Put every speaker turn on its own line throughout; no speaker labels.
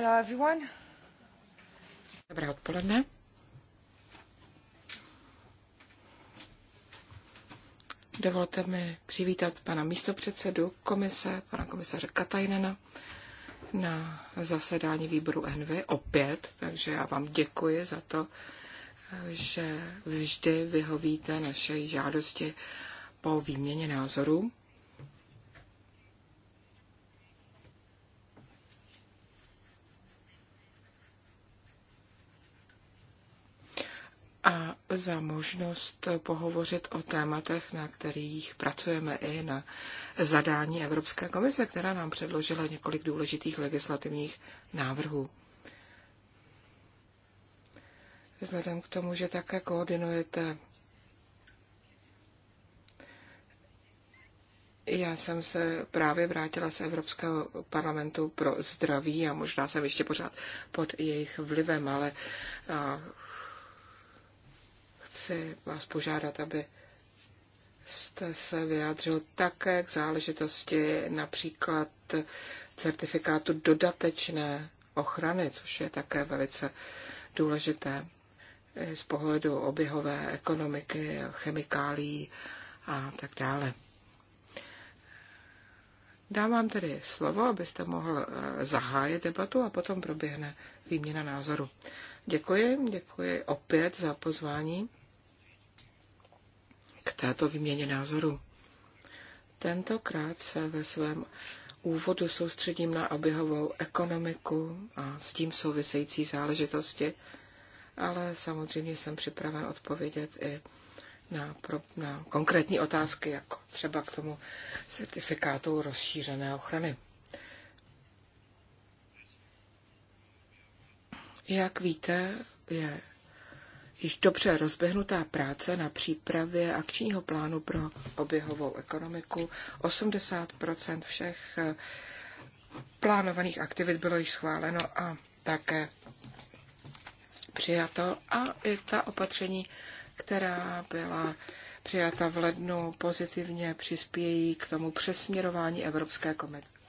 Hello everyone. Dobré odpoledne. Dovolte mi přivítat pana místopředsedu komise, pana komisaře Katajnena na zasedání výboru NV opět, takže já vám děkuji za to, že vždy vyhovíte naše žádosti po výměně názorů. za možnost pohovořit o tématech, na kterých pracujeme i na zadání Evropské komise, která nám předložila několik důležitých legislativních návrhů. Vzhledem k tomu, že také koordinujete Já jsem se právě vrátila z Evropského parlamentu pro zdraví a možná jsem ještě pořád pod jejich vlivem, ale chci vás požádat, aby jste se vyjádřil také k záležitosti například certifikátu dodatečné ochrany, což je také velice důležité z pohledu oběhové ekonomiky, chemikálí a tak dále. Dám vám tedy slovo, abyste mohl eh, zahájit debatu a potom proběhne výměna názoru. Děkuji, děkuji opět za pozvání této výměně názoru. Tentokrát se ve svém úvodu soustředím na oběhovou ekonomiku a s tím související záležitosti, ale samozřejmě jsem připraven odpovědět i na, pro, na konkrétní otázky, jako třeba k tomu certifikátu rozšířené ochrany. Jak víte, je již dobře rozběhnutá práce na přípravě akčního plánu pro oběhovou ekonomiku. 80 všech eh, plánovaných aktivit bylo již schváleno a také přijato. A i ta opatření, která byla přijata v lednu, pozitivně přispějí k tomu přesměrování evropské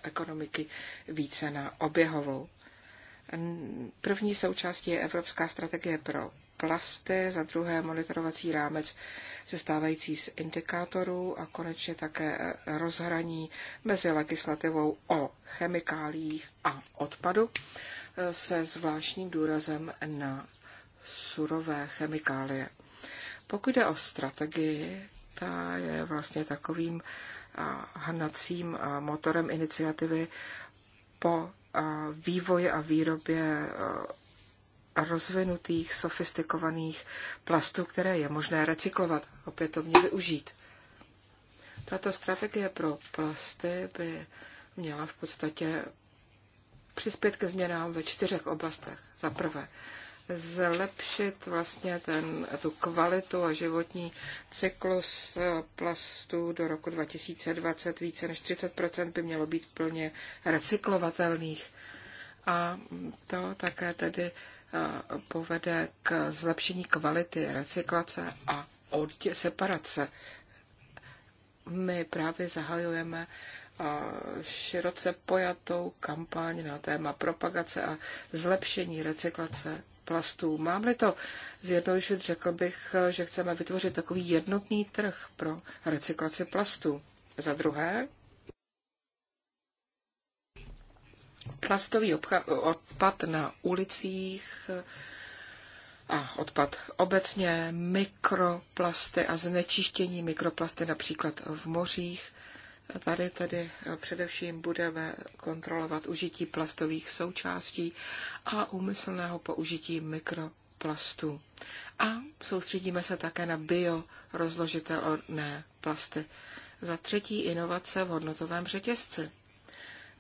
ekonomiky více na oběhovou. První součástí je Evropská strategie pro plasty, za druhé monitorovací rámec sestávající z indikátorů a konečně také eh, rozhraní mezi legislativou o chemikáliích a odpadu eh, se zvláštním důrazem na surové chemikálie. Pokud jde o strategii, ta je vlastně takovým hnacím motorem iniciativy po vývoji a výrobě rozvinutých, sofistikovaných plastů, které je možné recyklovat, opětovně využít. Tato strategie pro plasty by měla v podstatě přispět ke změnám ve čtyřech oblastech. Za prvé, zlepšit vlastně ten, tu kvalitu a životní cyklus plastů do roku 2020. Více než 30% by mělo být plně recyklovatelných. A to také tedy povede k zlepšení kvality recyklace a separace. My právě zahajujeme široce pojatou kampaň na téma propagace a zlepšení recyklace plastů. Mám-li to zjednodušit, řekl bych, že chceme vytvořit takový jednotný trh pro recyklaci plastů. Za druhé, Plastový odpad na ulicích a odpad obecně, mikroplasty a znečištění mikroplasty například v mořích. Tady tedy především budeme kontrolovat užití plastových součástí a úmyslného použití mikroplastů. A soustředíme se také na biorozložitelné plasty. Za třetí inovace v hodnotovém řetězci.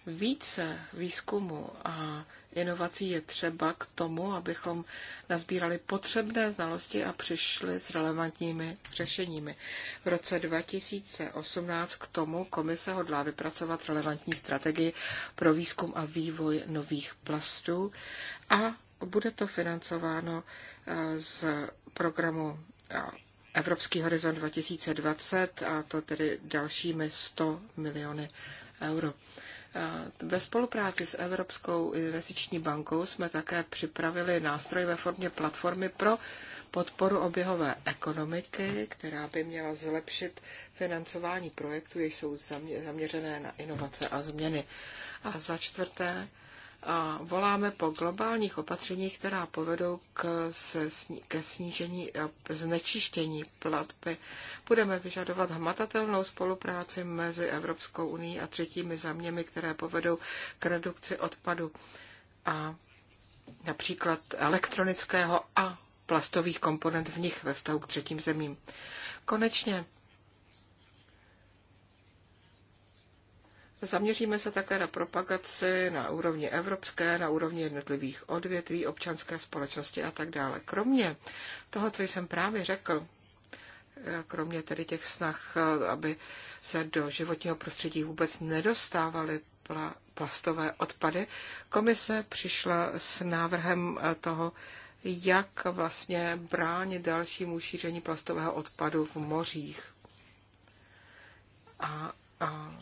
Více výzkumu a inovací je třeba k tomu, abychom nazbírali potřebné znalosti a přišli s relevantními řešeními. V roce 2018 k tomu komise hodlá vypracovat relevantní strategii pro výzkum a vývoj nových plastů a bude to financováno eh, z programu eh, Evropský horizont 2020 a to tedy dalšími 100 miliony euro. Ve spolupráci s Evropskou investiční bankou jsme také připravili nástroj ve formě platformy pro podporu oběhové ekonomiky, která by měla zlepšit financování projektů, jež jsou zaměřené na inovace a změny. A za čtvrté, a voláme po globálních opatřeních, která povedou k, ke snížení znečištění platby. Budeme vyžadovat hmatatelnou spolupráci mezi Evropskou unii a třetími zeměmi, které povedou k redukci odpadu a například elektronického a plastových komponent v nich ve vztahu k třetím zemím. Konečně Zaměříme se také na propagaci na úrovni evropské, na úrovni jednotlivých odvětví, občanské společnosti a tak dále. Kromě toho, co jsem právě řekl, eh, kromě tedy těch snah, eh, aby se do životního prostředí vůbec nedostávaly plastové odpady, komise přišla s návrhem eh, toho, jak vlastně bránit dalšímu šíření plastového odpadu v mořích. A, a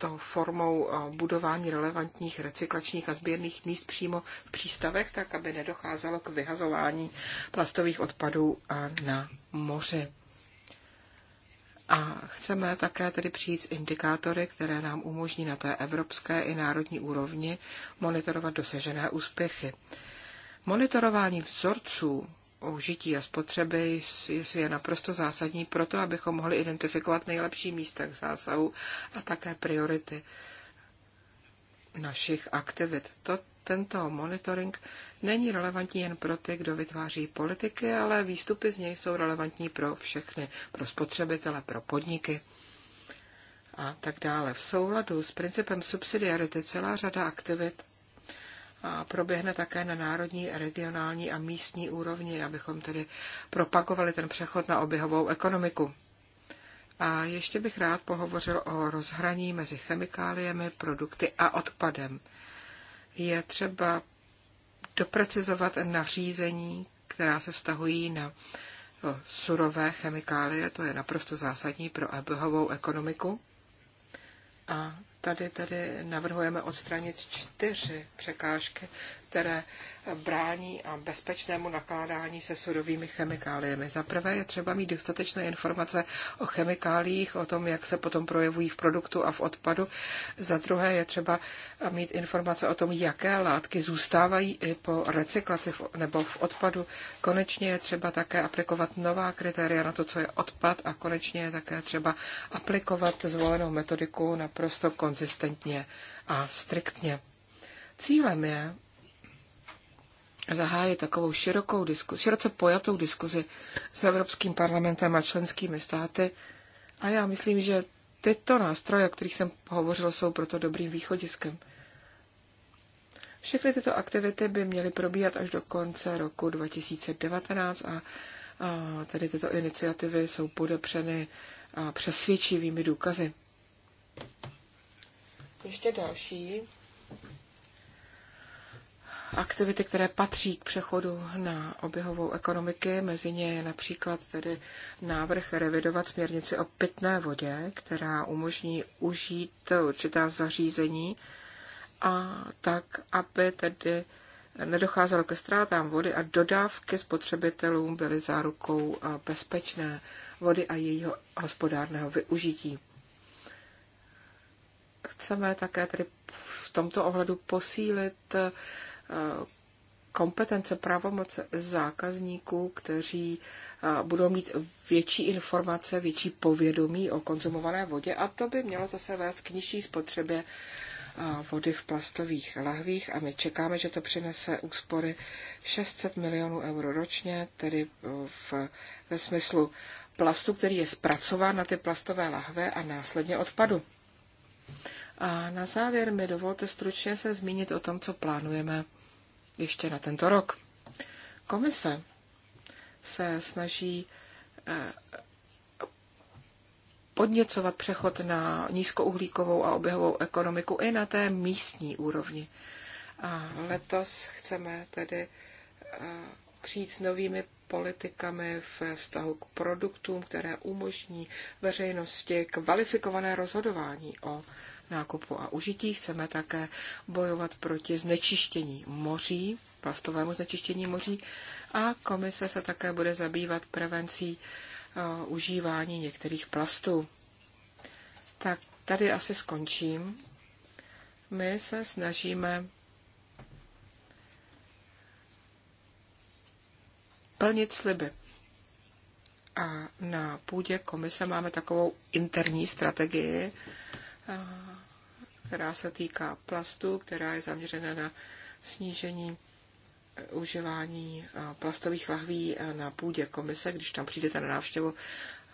to formou eh, budování relevantních recyklačních a sběrných míst přímo v přístavech, tak aby nedocházelo k vyhazování plastových odpadů eh, na moře. A chceme také tedy přijít s indikátory, které nám umožní na té evropské i národní úrovni monitorovat dosažené úspěchy. Monitorování vzorců užití a spotřeby je naprosto zásadní pro to, abychom mohli identifikovat nejlepší místa k zásahu a také priority našich aktivit. To, tento monitoring není relevantní jen pro ty, kdo vytváří politiky, ale výstupy z něj jsou relevantní pro všechny, pro spotřebitele, pro podniky a tak dále. V souladu s principem subsidiarity celá řada aktivit a proběhne také na národní, regionální a místní úrovni, abychom tedy propagovali ten přechod na oběhovou ekonomiku. A ještě bych rád pohovořil o rozhraní mezi chemikáliemi, produkty a odpadem. Je třeba doprecizovat nařízení, která se vztahují na surové chemikálie, to je naprosto zásadní pro oběhovou ekonomiku. A Tady tady navrhujeme odstranit čtyři překážky které brání a bezpečnému nakládání se surovými chemikáliemi. Za prvé je třeba mít dostatečné informace o chemikáliích, o tom, jak se potom projevují v produktu a v odpadu. Za druhé je třeba mít informace o tom, jaké látky zůstávají i po recyklaci nebo v odpadu. Konečně je třeba také aplikovat nová kritéria na to, co je odpad a konečně je také třeba aplikovat zvolenou metodiku naprosto konzistentně a striktně. Cílem je zahájit takovou širokou diskuzi, široce pojatou diskuzi s Evropským parlamentem a členskými státy. A já myslím, že tyto nástroje, o kterých jsem hovořil, jsou proto dobrým východiskem. Všechny tyto aktivity by měly probíhat až do konce roku 2019 a, a tedy tyto iniciativy jsou podepřeny a přesvědčivými důkazy. Ještě další aktivity, které patří k přechodu na oběhovou ekonomiky. Mezi ně je například tedy návrh revidovat směrnici o pitné vodě, která umožní užít určitá zařízení a tak, aby tedy nedocházelo ke ztrátám vody a dodávky spotřebitelům byly zárukou eh, bezpečné vody a jejího hospodárného využití. Chceme také tedy v tomto ohledu posílit eh, Eh, kompetence, pravomoc zákazníků, kteří eh, budou mít větší informace, větší povědomí o konzumované vodě a to by mělo zase vést k nižší spotřebě eh, vody v plastových lahvích a my čekáme, že to přinese úspory 600 milionů euro ročně, tedy v, ve smyslu plastu, který je zpracován na ty plastové lahve a následně odpadu. A na závěr mi dovolte stručně se zmínit o tom, co plánujeme ještě na tento rok. Komise se snaží eh, podněcovat přechod na nízkouhlíkovou a oběhovou ekonomiku i na té místní úrovni. A letos chceme tedy eh, přijít s novými politikami ve vztahu k produktům, které umožní veřejnosti kvalifikované rozhodování o nákupu a užití. Chceme také bojovat proti znečištění moří, plastovému znečištění moří a komise se také bude zabývat prevencí uh, užívání některých plastů. Tak tady asi skončím. My se snažíme plnit sliby. A na půdě komise máme takovou interní strategii, eh, která se týká plastu, která je zaměřena na snížení eh, užívání eh, plastových lahví eh, na půdě komise, když tam přijdete na návštěvu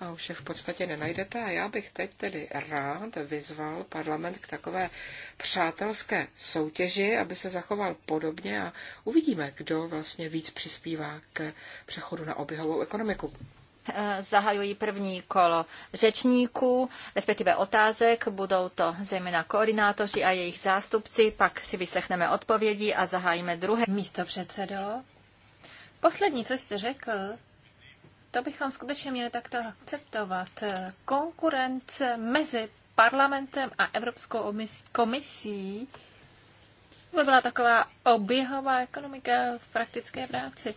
a už je v podstatě nenajdete. A já bych teď tedy rád vyzval parlament k takové přátelské soutěži, aby se zachoval podobně a uvidíme, kdo vlastně víc přispívá k přechodu na oběhovou ekonomiku
zahajuji první kolo řečníků, respektive otázek. Budou to zejména koordinátoři a jejich zástupci, pak si vyslechneme odpovědi a zahájíme druhé.
Místo předsedo, poslední, co jste řekl, to bychom skutečně měli takto akceptovat. Konkurence mezi parlamentem a Evropskou komisí by byla taková oběhová ekonomika v praktické práci.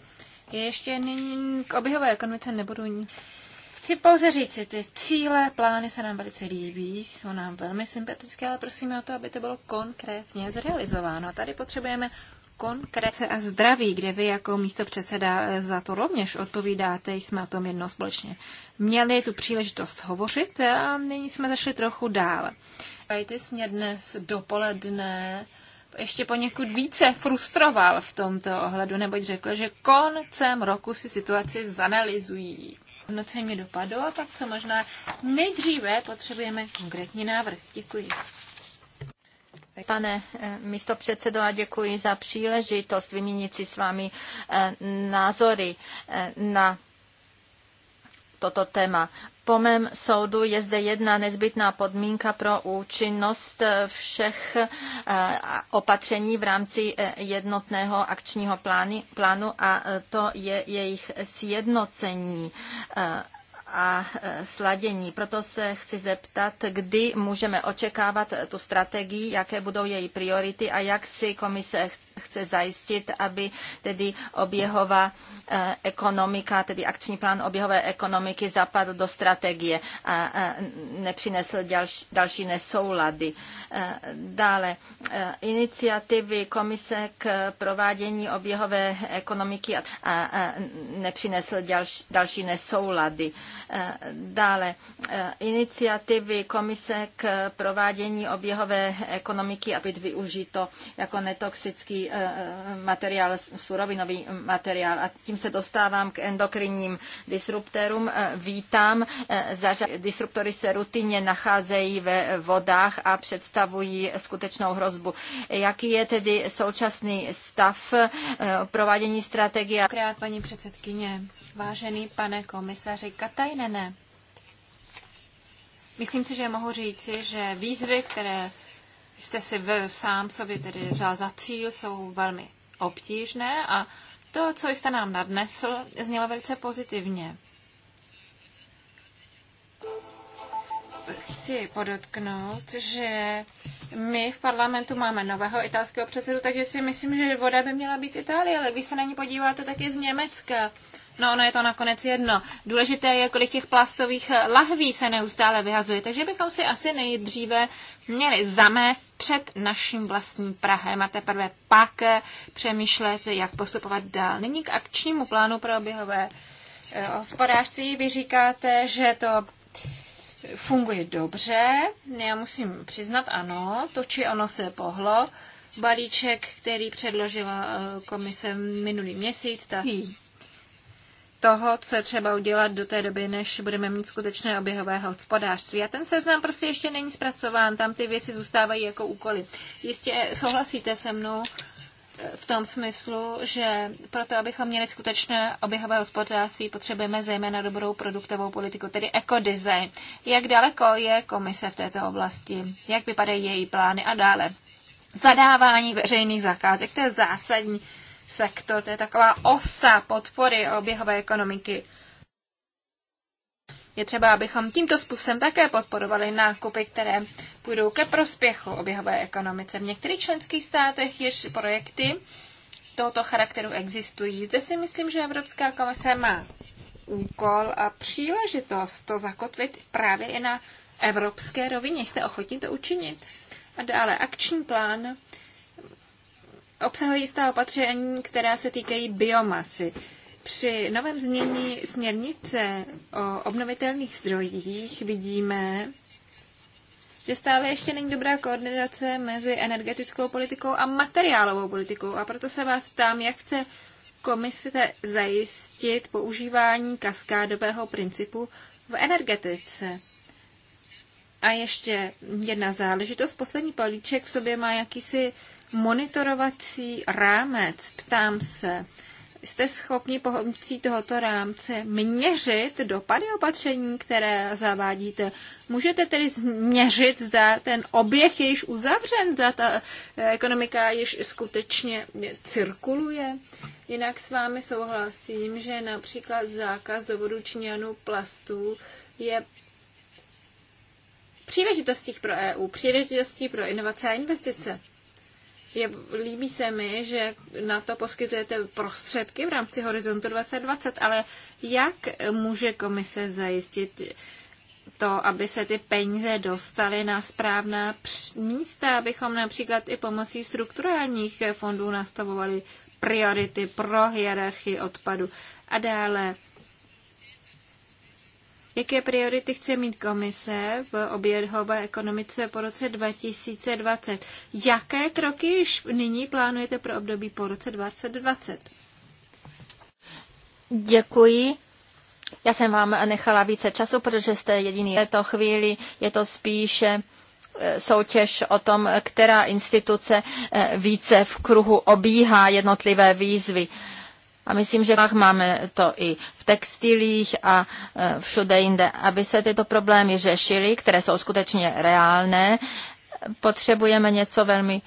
Ještě nyní k oběhové ekonomice nebudu ní. Chci pouze říct, že ty cíle, plány se nám velice líbí, jsou nám velmi sympatické, ale prosíme o to, aby to bylo konkrétně zrealizováno. Tady potřebujeme konkrétce a zdraví, kde vy jako místo předseda eh, za to rovněž odpovídáte, jsme o tom jedno společně měli tu příležitost hovořit a nyní jsme zašli trochu dál. Kajtis jsme dnes dopoledne ještě poněkud více frustroval v tomto ohledu, neboť řekl, že koncem roku si situaci zanalizují. Hodnocení mi dopadlo, tak co možná nejdříve potřebujeme konkrétní návrh. Děkuji.
Pane eh, místo předsedo, a děkuji za příležitost vyměnit si s vámi eh, názory eh, na toto téma. Po mém soudu je zde jedna nezbytná podmínka pro účinnost eh, všech eh, opatření v rámci eh, jednotného akčního plánu a to je jejich sjednocení a e, sladění. Proto se chci zeptat, kdy můžeme očekávat tu strategii, jaké budou její priority a jak si komise chce zajistit, aby tedy oběhová e, ekonomika, tedy akční plán oběhové ekonomiky zapadl do strategie a e, nepřinesl další nesoulady. Dále iniciativy komise k provádění oběhové ekonomiky a nepřinesl další nesoulady. Eh, dále eh, iniciativy komise k provádění oběhové ekonomiky a využito jako netoxický eh, materiál, surovinový materiál. A tím se dostávám k endokrinním disruptorům. Vítám, disruptory se rutinně nacházejí ve vodách a představují skutečnou hrozbu. Jaký je tedy současný stav
provádění strategie? Krát, paní předsedkyně. Vážený pane komisaři Katajnene, myslím si, že mohu říci, že výzvy, které jste si vy sám sobě tedy vzal za cíl, jsou velmi obtížné a to, co jste nám nadnesl, znělo velice pozitivně. Chci podotknout, že my v parlamentu máme nového italského předsedu, takže si myslím, že voda by měla být z Itálie, ale když se na ní podíváte, tak je z Německa. No, ono je to nakonec jedno. Důležité je, kolik těch plastových eh, lahví se neustále vyhazuje. Takže bychom si asi nejdříve měli zamést před naším vlastním Prahem a teprve pak eh, přemýšlet, jak postupovat dál. Nyní k akčnímu plánu pro oběhové eh, hospodářství. Vy říkáte, že to funguje dobře. Já musím přiznat, ano, to či ono se pohlo. Balíček, který předložila komise minulý měsíc, tak toho, co je třeba udělat do té doby, než budeme mít skutečné oběhové hospodářství. A ten seznam prostě ještě není zpracován, tam ty věci zůstávají jako úkoly. Jistě souhlasíte se mnou eh, v tom smyslu, že proto, abychom měli skutečné oběhové hospodářství, potřebujeme zejména dobrou produktovou politiku, tedy ekodesign. Jak daleko je komise v této oblasti? Jak vypadají její plány a dále? Zadávání veřejných zakázek, to je zásadní sektor, to je taková osa podpory oběhové ekonomiky. Je třeba, abychom tímto způsobem také podporovali nákupy, které půjdou ke prospěchu oběhové ekonomice. V některých členských státech již projekty tohoto charakteru existují. Zde si myslím, že Evropská komise má úkol a příležitost to zakotvit právě i na evropské rovině. Jste ochotní to učinit? A dále akční plán obsahují jistá opatření, která se týkají biomasy. Při novém změní směrnice o obnovitelných zdrojích vidíme, že stále ještě není dobrá koordinace mezi energetickou politikou a materiálovou politikou. A proto se vás ptám, jak chce komise zajistit používání kaskádového principu v energetice. A ještě jedna záležitost. Poslední palíček v sobě má jakýsi monitorovací rámec. Ptám se, jste schopni pomocí tohoto rámce měřit dopady opatření, které zavádíte. Můžete tedy měřit, zda ten oběh je již uzavřen, zda ta eh, ekonomika již skutečně cirkuluje. Jinak s vámi souhlasím, že například zákaz dovodu činěnů plastů je příležitostí pro EU, příležitostí pro inovace a investice. Je, líbí se mi, že na to poskytujete prostředky v rámci Horizontu 2020, ale jak může komise zajistit to, aby se ty peníze dostaly na správná místa, abychom například i pomocí strukturálních fondů nastavovali priority pro hierarchii odpadu a dále Jaké priority chce mít komise v oběhové ekonomice po roce 2020? Jaké kroky již nyní plánujete pro období po roce 2020?
Děkuji. Já jsem vám nechala více času, protože jste jediný. V této chvíli je to spíše eh, soutěž o tom, která instituce eh, více v kruhu obíhá jednotlivé výzvy. A myslím, že máme to i v textilích a e, všude jinde, aby se tyto problémy řešily, které jsou skutečně reálné, potřebujeme něco velmi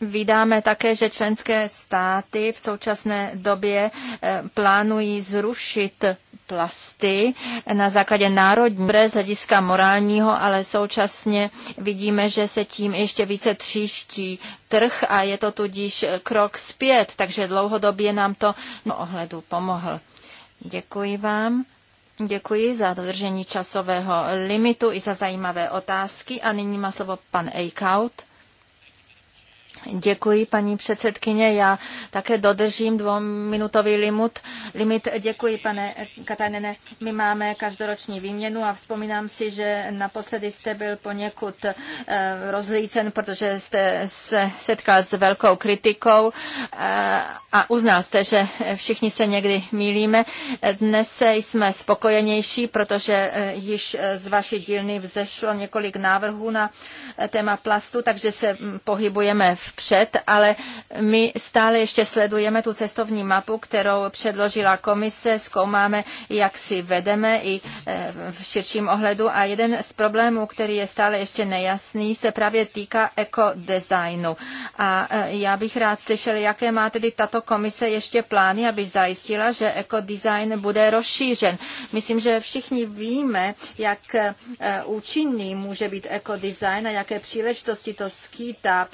Vydáme také, že členské státy v současné době eh, plánují zrušit plasty na základě národní z hlediska morálního, ale současně vidíme, že se tím ještě více tříští trh a je to tudíž krok zpět, takže dlouhodobě nám to no, ohledu pomohl. Děkuji vám. Děkuji za dodržení časového limitu i za zajímavé otázky a nyní má slovo pan Eichhout. Děkuji, paní předsedkyně. Já také dodržím dvouminutový limit. limit. Děkuji, pane Katanene. My máme každoroční výměnu a vzpomínám si, že naposledy jste byl poněkud eh, rozlícen, protože jste se setkal s velkou kritikou eh, a uznal jste, že všichni se někdy mílíme. Dnes jsme spokojenější, protože eh, již z vaší dílny vzešlo několik návrhů na téma plastu, takže se hm, pohybujeme v vpřed, ale my stále ještě sledujeme tu cestovní mapu, kterou předložila komise, zkoumáme, jak si vedeme i eh, v širším ohledu a jeden z problémů, který je stále ještě nejasný, se právě týká ekodesignu. A eh, já bych rád slyšel, jaké má tedy tato komise ještě plány, aby zajistila, že ekodesign bude rozšířen. Myslím, že všichni víme, jak eh, účinný může být ekodesign a jaké příležitosti to skýtá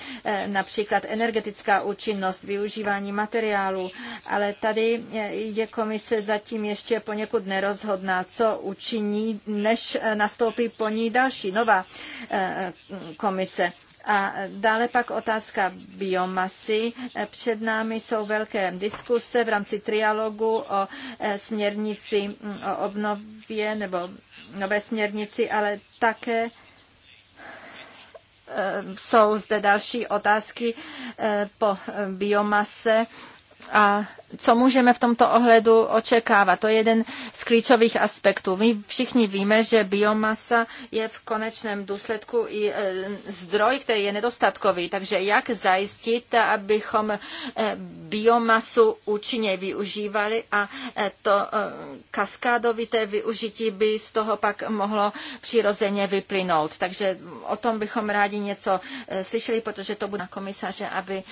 na například energetická účinnost, využívání materiálu, ale tady je komise zatím ještě poněkud nerozhodná, co učiní, než nastoupí po ní další nová eh, komise. A dále pak otázka biomasy. Před námi jsou velké diskuse v rámci trialogu o eh, směrnici mm, o obnově nebo nové směrnici, ale také jsou zde další otázky eh, po eh, biomase a co můžeme v tomto ohledu očekávat. To je jeden z klíčových aspektů. My všichni víme, že biomasa je v konečném důsledku i e, zdroj, který je nedostatkový. Takže jak zajistit, abychom e, biomasu účinně využívali a e, to kaskádovité využití by z toho pak mohlo přirozeně vyplynout. Takže o tom bychom rádi něco slyšeli, protože to bude na komisaře, aby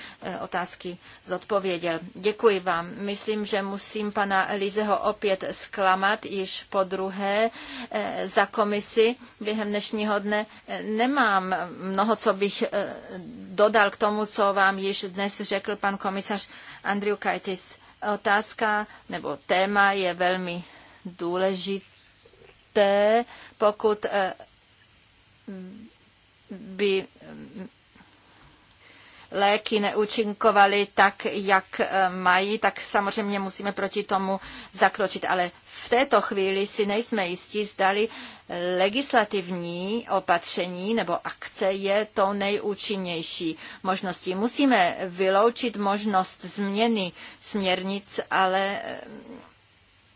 otázky zodpověděl. Děkuji vám myslím, že musím pana Elizeho opět zklamat již po druhé eh, za komisi. Během dnešního dne eh, nemám mnoho, co bych eh, dodal k tomu, co vám již dnes řekl pan komisař Andriu Kajtis. Otázka nebo téma je velmi důležité, pokud by léky neúčinkovaly tak, jak eh, mají, tak samozřejmě musíme proti tomu zakročit. Ale v této chvíli si nejsme jistí, zdali legislativní opatření nebo akce je to nejúčinnější možností. Musíme vyloučit možnost změny směrnic, ale eh,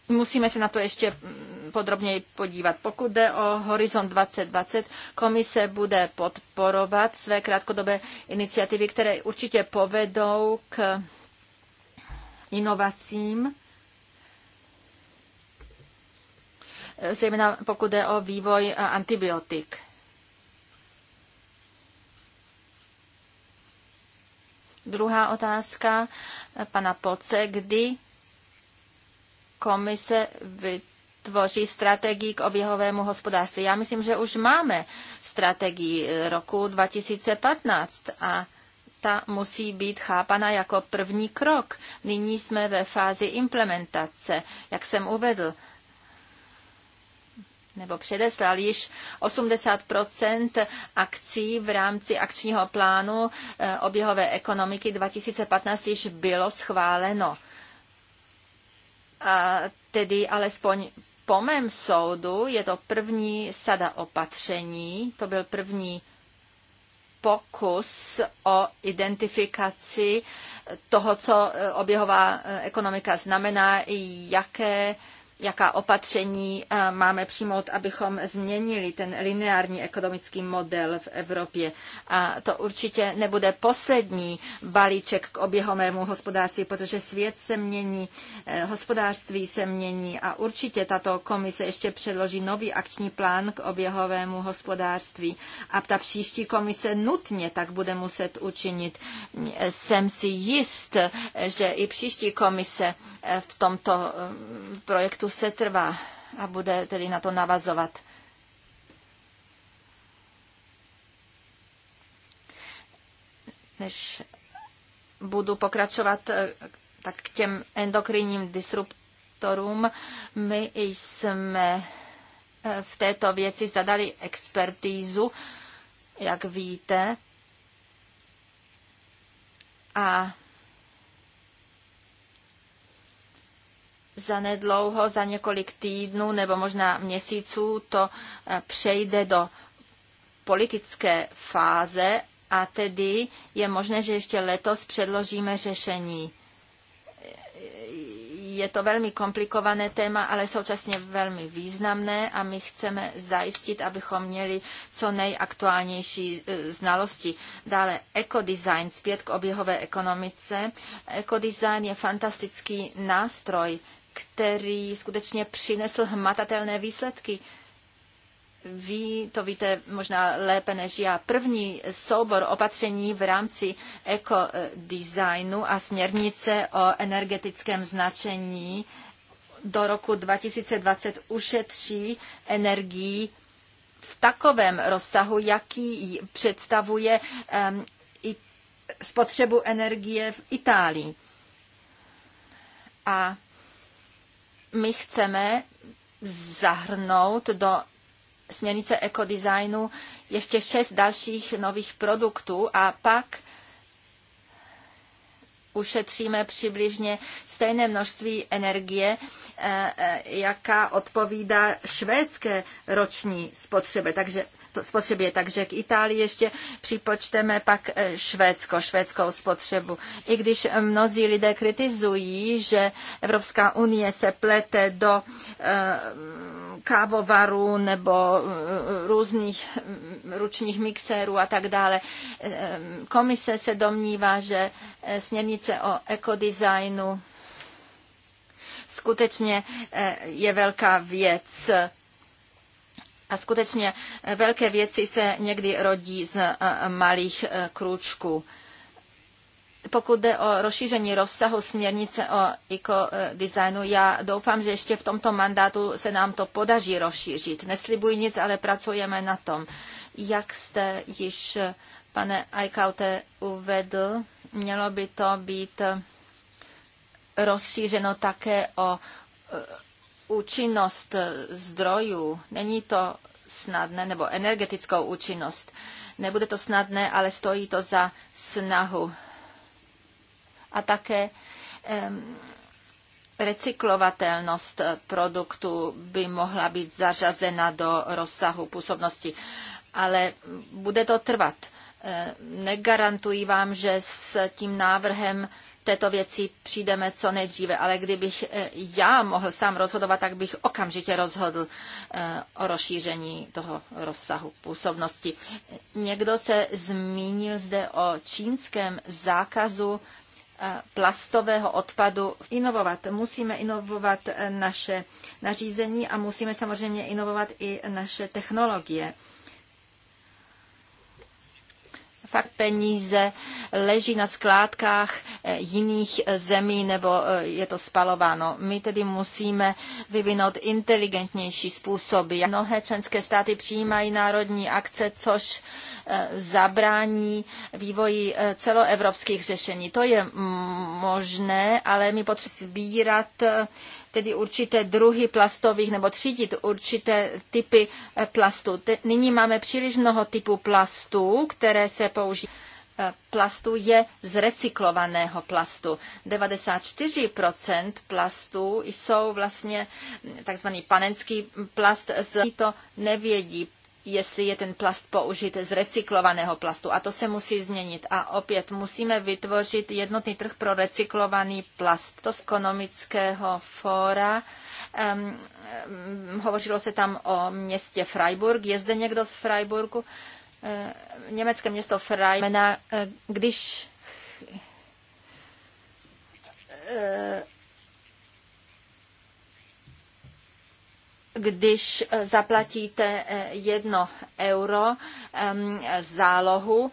Musíme se na to ještě podrobněji podívat. Pokud jde o Horizont 2020, komise bude podporovat své krátkodobé iniciativy, které určitě povedou k inovacím, zejména pokud jde o vývoj antibiotik. Druhá otázka pana Poce, kdy komise vytvoří strategii k oběhovému hospodářství. Já myslím, že už máme strategii roku 2015 a ta musí být chápana jako první krok. Nyní jsme ve fázi implementace, jak jsem uvedl nebo předeslal již 80 akcí v rámci akčního plánu eh, oběhové ekonomiky 2015 již bylo schváleno tedy alespoň po mém soudu je to první sada opatření, to byl první pokus o identifikaci toho, co eh, oběhová eh, ekonomika znamená, jaké jaká opatření eh, máme přijmout, abychom změnili ten lineární ekonomický model v Evropě. A to určitě nebude poslední balíček k oběhomému hospodářství, protože svět se mění, eh, hospodářství se mění a určitě tato komise ještě předloží nový akční plán k oběhovému hospodářství. A ta příští komise nutně tak bude muset učinit. Eh, jsem si jist, že i příští komise v tomto projektu tu se trvá a bude tedy na to navazovat. Než budu pokračovat eh, tak k těm endokrinním disruptorům, my jsme eh, v této věci zadali expertízu, jak víte. A zanedlouho, za několik týdnů nebo možná měsíců to eh, přejde do politické fáze a tedy je možné, že ještě letos předložíme řešení. Je to velmi komplikované téma, ale současně velmi významné a my chceme zajistit, abychom měli co nejaktuálnější eh, znalosti. Dále ekodesign, zpět k oběhové ekonomice. Ekodesign je fantastický nástroj, který skutečně přinesl hmatatelné výsledky. Vy to víte možná lépe než já. První soubor opatření v rámci ekodesignu a směrnice o energetickém značení do roku 2020 ušetří energii v takovém rozsahu, jaký představuje um, i spotřebu energie v Itálii. A my chceme zahrnout do směrnice ekodesignu ještě šest dalších nových produktů a pak ušetříme přibližně stejné množství energie, eh, eh, jaká odpovídá švédské roční spotřebe. Takže spotřebě. Takže k Itálii ještě připočteme pak eh, Švédsko, švédskou spotřebu. I když mnozí lidé kritizují, že Evropská unie se plete do eh, kávovarů nebo eh, různých mm, ručních mixérů a tak dále. Komise se domnívá, že směrnice o ekodesignu skutečně je velká věc a skutečně eh, velké věci se někdy rodí z eh, malých eh, krůčků. Pokud jde o rozšíření rozsahu směrnice o ekodesignu, já doufám, že ještě v tomto mandátu se nám to podaří rozšířit. Neslibuji nic, ale pracujeme na tom. Jak jste již, pane Aikaute, uvedl, mělo by to být rozšířeno také o účinnost zdrojů, není to snadné, nebo energetickou účinnost. Nebude to snadné, ale stojí to za snahu. A také um, recyklovatelnost produktu by mohla být zařazena do rozsahu působnosti, ale bude to trvat. Negarantuji vám, že s tím návrhem této věci přijdeme co nejdříve, ale kdybych eh, já mohl sám rozhodovat, tak bych okamžitě rozhodl eh, o rozšíření toho rozsahu působnosti. Někdo se zmínil zde o čínském zákazu eh, plastového odpadu inovovat. Musíme inovovat naše nařízení a musíme samozřejmě inovovat i naše technologie fakt peníze leží na skládkách eh, jiných eh, zemí nebo eh, je to spalováno. My tedy musíme vyvinout inteligentnější způsoby. Mnohé členské státy přijímají národní akce, což zabrání vývoji celoevropských řešení. To je možné, ale my potřebujeme sbírat tedy určité druhy plastových nebo třídit určité typy eh, plastů. Nyní máme příliš mnoho typů plastů, které se používají eh, plastu je z recyklovaného plastu. 94% plastů jsou vlastně hm, takzvaný panenský plast. Z to nevědí jestli je ten plast použit z recyklovaného plastu. A to se musí změnit. A opět musíme vytvořit jednotný trh pro recyklovaný plast. To z ekonomického fóra. Um, um, hovořilo se tam o městě Freiburg. Je zde někdo z Freiburgu? Uh, německé město Freiburg. Eh, když uh, když eh, zaplatíte eh, jedno euro zálohu,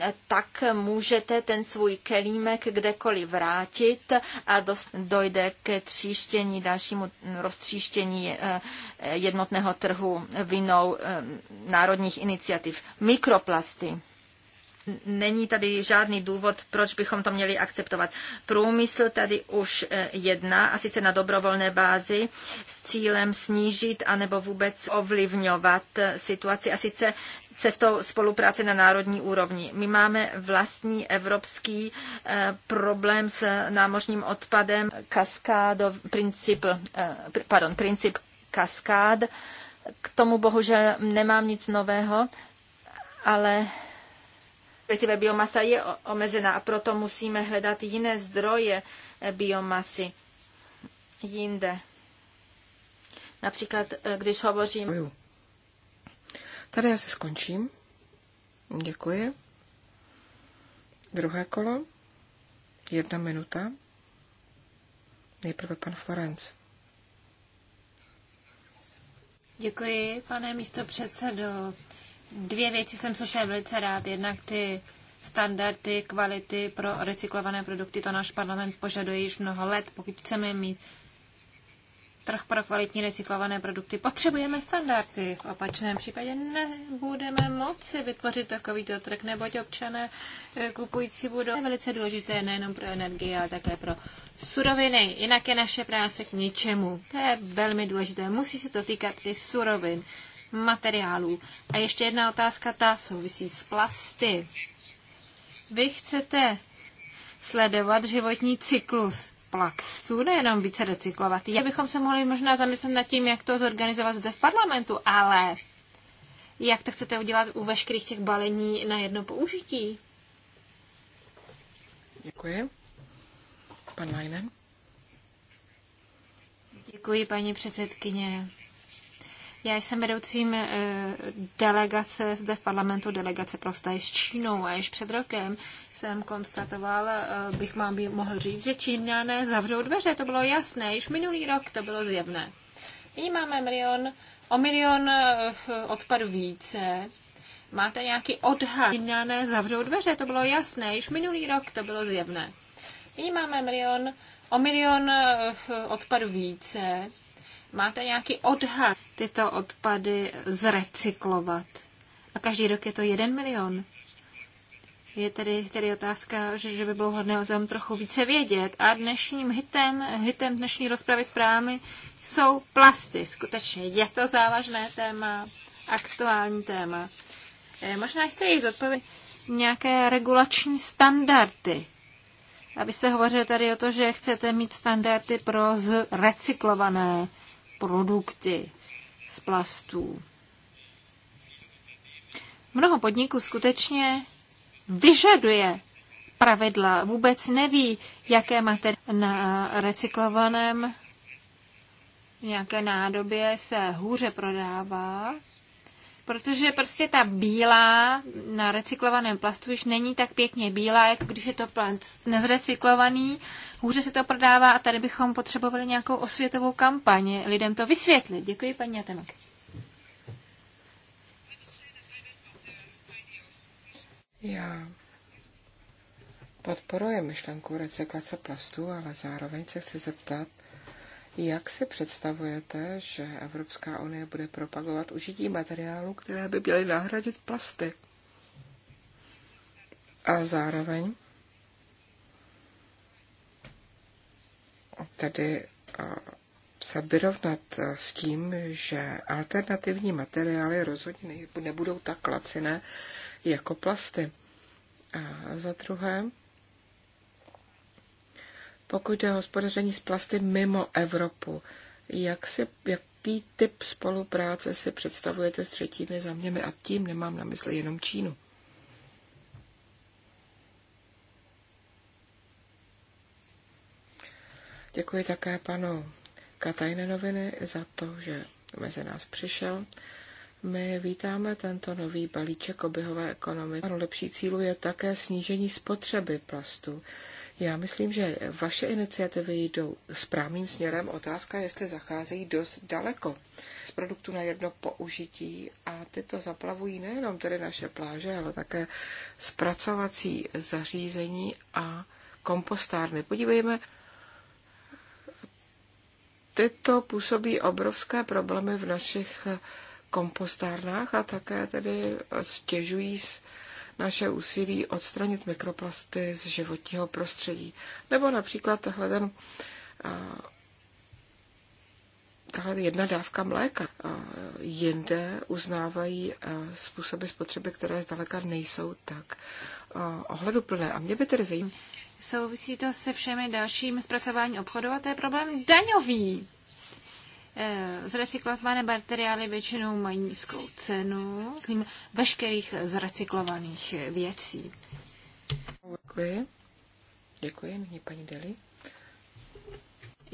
eh, tak můžete ten svůj kelímek kdekoliv vrátit a dojde ke tříštění, dalšímu roztříštění jednotného trhu vinou národních iniciativ. Mikroplasty není tady žádný důvod, proč bychom to měli akceptovat. Průmysl tady už e, jedná, a sice na dobrovolné bázi, s cílem snížit anebo vůbec ovlivňovat e, situaci, a sice cestou spolupráce na národní úrovni. My máme vlastní evropský e, problém s námořním odpadem, kaskádo, princip, pardon, princip kaskád. K tomu bohužel nemám nic nového, ale respektive biomasa je omezená a proto musíme hledat jiné zdroje eh, biomasy jinde. Například, eh, když hovořím...
Tady já se skončím. Děkuji. Druhé kolo. Jedna minuta. Nejprve pan Florenc.
Děkuji, pane místo předsedo dvě věci jsem slyšel velice rád. Jednak ty standardy kvality pro recyklované produkty, to náš parlament požaduje již mnoho let. Pokud chceme mít trh pro kvalitní recyklované produkty, potřebujeme standardy. V opačném případě nebudeme moci vytvořit takovýto trh, neboť občané eh, kupující budou je velice důležité nejenom pro energii, ale také pro suroviny. Jinak je naše práce k ničemu. To je velmi důležité. Musí se to týkat i surovin materiálů. A ještě jedna otázka, ta souvisí s plasty. Vy chcete sledovat životní cyklus plastu, nejenom více recyklovat. Já bychom se mohli možná zamyslet nad tím, jak to zorganizovat zde v parlamentu, ale jak to chcete udělat u veškerých těch balení na jedno použití? Děkuji. Pan Leinen. Děkuji, paní předsedkyně. Já jsem vedoucím eh, delegace zde v parlamentu, delegace pro vztahy s Čínou a již před rokem jsem konstatoval, eh, bych mám by mohl říct, že Číňané zavřou dveře, to bylo jasné, již minulý rok to bylo zjevné. Nyní máme milion, o milion eh, odpadů více. Máte nějaký odhad? Číňané zavřou dveře, to bylo jasné, již minulý rok to bylo zjevné. Nyní máme milion, o milion odpadů více. Máte nějaký odhad? tyto odpady zrecyklovat. A každý rok je to jeden milion. Je tedy, tedy otázka, že, že by bylo hodné o tom trochu více vědět. A dnešním hitem, hitem dnešní rozpravy s právami jsou plasty. Skutečně je to závažné téma, aktuální téma. Eh, možná jste jich zodpověděli nějaké regulační standardy. Aby se hovořili tady o to, že chcete mít standardy pro zrecyklované produkty z plastů. Mnoho podniků skutečně vyžaduje pravidla, vůbec neví, jaké materiály na recyklovaném nějaké nádobě se hůře prodává Protože prostě ta bílá na recyklovaném plastu už není tak pěkně bílá, jako když je to plast nezrecyklovaný. Hůře se to prodává a tady bychom potřebovali nějakou osvětovou kampaň. Lidem to vysvětlit. Děkuji, paní Atemek.
Já podporuji myšlenku recyklace plastu, ale zároveň se chci zeptat, jak si představujete, že Evropská unie bude propagovat užití materiálů, které by měly nahradit plasty? A zároveň tedy se vyrovnat s tím, že alternativní materiály rozhodně nebudou tak laciné jako plasty. A za druhé, pokud je hospodaření s plasty mimo Evropu, jak si, jaký typ spolupráce si představujete s třetími zeměmi a tím nemám na mysli jenom Čínu? Děkuji také panu Katajnenoviny za to, že mezi nás přišel. My vítáme tento nový balíček oběhové ekonomiky. Ano, lepší cílu je také snížení spotřeby plastu. Já myslím, že vaše iniciativy jdou správným směrem. Otázka je, jestli zacházejí dost daleko z produktu na jedno použití a tyto zaplavují nejenom tedy naše pláže, ale také zpracovací zařízení a kompostárny. Podívejme, tyto působí obrovské problémy v našich kompostárnách a také tedy stěžují s naše úsilí odstranit mikroplasty z životního prostředí. Nebo například tahle ten tahle jedna dávka mléka. Jinde uznávají způsoby spotřeby, které zdaleka nejsou
tak ohleduplné.
A mě by tedy zajímalo.
Souvisí to se všemi dalšími zpracování obchodu a to je problém daňový. Eh, zrecyklované materiály většinou mají nízkou cenu, myslím, veškerých eh, zrecyklovaných eh, věcí. Děkuji. Děkuji, nyní paní Deli.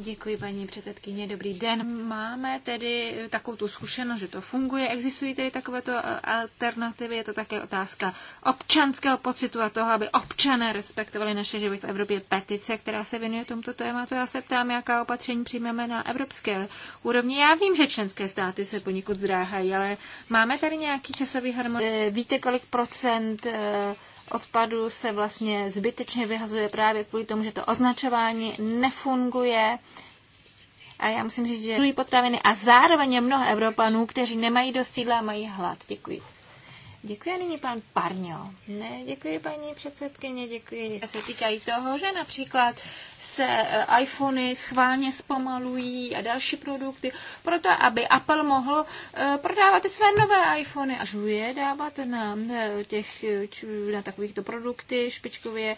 Děkuji, paní předsedkyně. Dobrý den. Máme tedy takovou tu zkušenost, že to funguje. Existují tedy takovéto eh, alternativy. Je to také otázka občanského pocitu a toho, aby občané respektovali naše životy v Evropě. Petice, která se věnuje tomuto tématu. Já se ptám, jaká opatření přijmeme na evropské úrovni. Já vím, že členské státy se poněkud zdráhají, ale máme tady nějaký časový harmon. Eh, víte, kolik procent eh, odpadu se vlastně zbytečně vyhazuje právě kvůli tomu, že to označování nefunguje. A já musím říct, že potraviny a zároveň je mnoho Evropanů, kteří nemají dost sídla a mají hlad. Děkuji. Děkuji nyní pan Parňo. Ne, děkuji paní předsedkyně, děkuji. Se týkají toho, že například se eh, iPhony schválně zpomalují a další produkty, proto aby Apple mohl eh, prodávat ty své nové iPhony a žuje dávat na eh, těch, na takovýchto produkty špičkově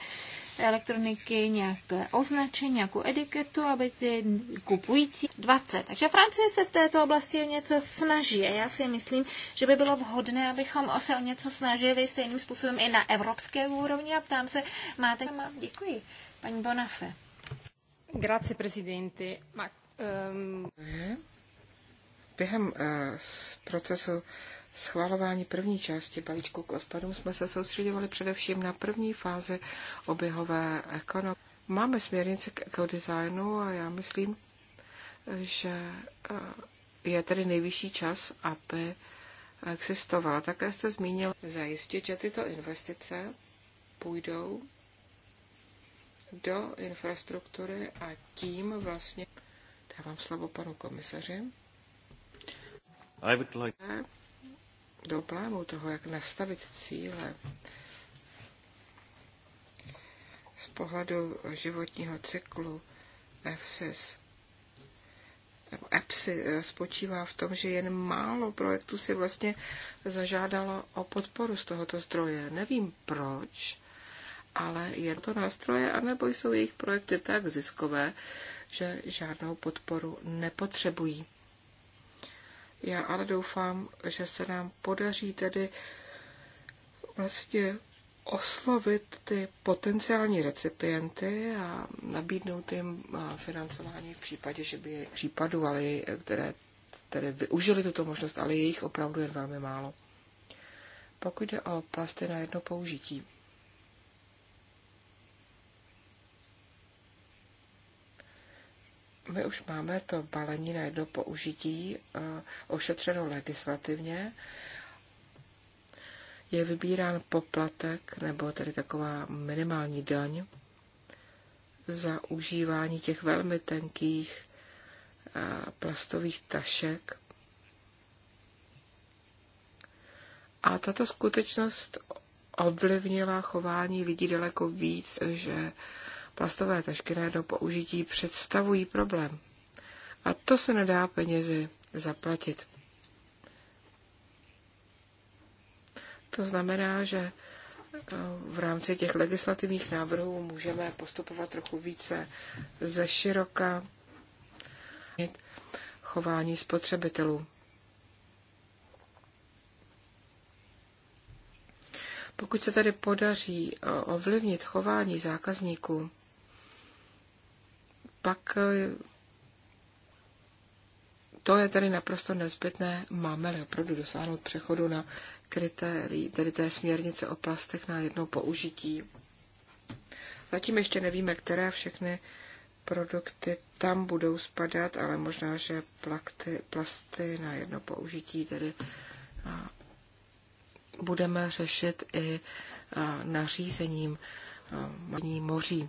elektroniky nějaké označení, nějakou etiketu, aby ty kupující 20. Takže Francie se v této oblasti o něco snaží. Já si myslím, že by bylo vhodné, abychom se o něco snažili stejným způsobem i na evropské úrovni a ptám se, máte... Děkuji. Paní Bonafe. Grazie, presidente. Ma, um... Během uh,
procesu schvalování první části balíčku k odpadům jsme se soustředovali především na první fázi oběhové ekonomiky. Máme směrnice k ekodesignu a já myslím, že eh, je tedy nejvyšší čas, aby existovala. Také jste zmínil zajistit, že tyto investice půjdou do infrastruktury a tím vlastně dávám slovo panu komisaři. I would like... Eh, plánu toho, jak nastavit cíle z pohledu životního cyklu EFSIS, EPSI spočívá v tom, že jen málo projektů si vlastně zažádalo o podporu z tohoto zdroje. Nevím proč, ale je to nástroje, anebo jsou jejich projekty tak ziskové, že žádnou podporu nepotřebují. Já ale doufám, že se nám podaří tedy vlastně oslovit ty potenciální recipienty a nabídnout jim eh, financování v případě, že by případu, ale které tedy využili tuto možnost, ale jejich opravdu je velmi málo. Pokud jde o plasty na jedno použití, My už máme to balení na jedno použití eh, ošetřeno legislativně. Je vybírán poplatek, nebo tedy taková minimální daň, za užívání těch velmi tenkých eh, plastových tašek. A tato skutečnost ovlivnila chování lidí daleko víc, že plastové tašky jedno použití představují problém. A to se nedá penězi zaplatit. To znamená, že eh, v rámci těch legislativních návrhů můžeme postupovat trochu více ze široka chování spotřebitelů. Pokud se tedy podaří eh, ovlivnit chování zákazníků, pak e, to je tedy naprosto nezbytné, máme-li opravdu dosáhnout přechodu na kritérií, tedy té směrnice o plastech na jedno použití. Zatím ještě nevíme, které všechny produkty tam budou spadat, ale možná, že plakty, plasty na jedno použití tedy e, budeme řešit i e, nařízením moří.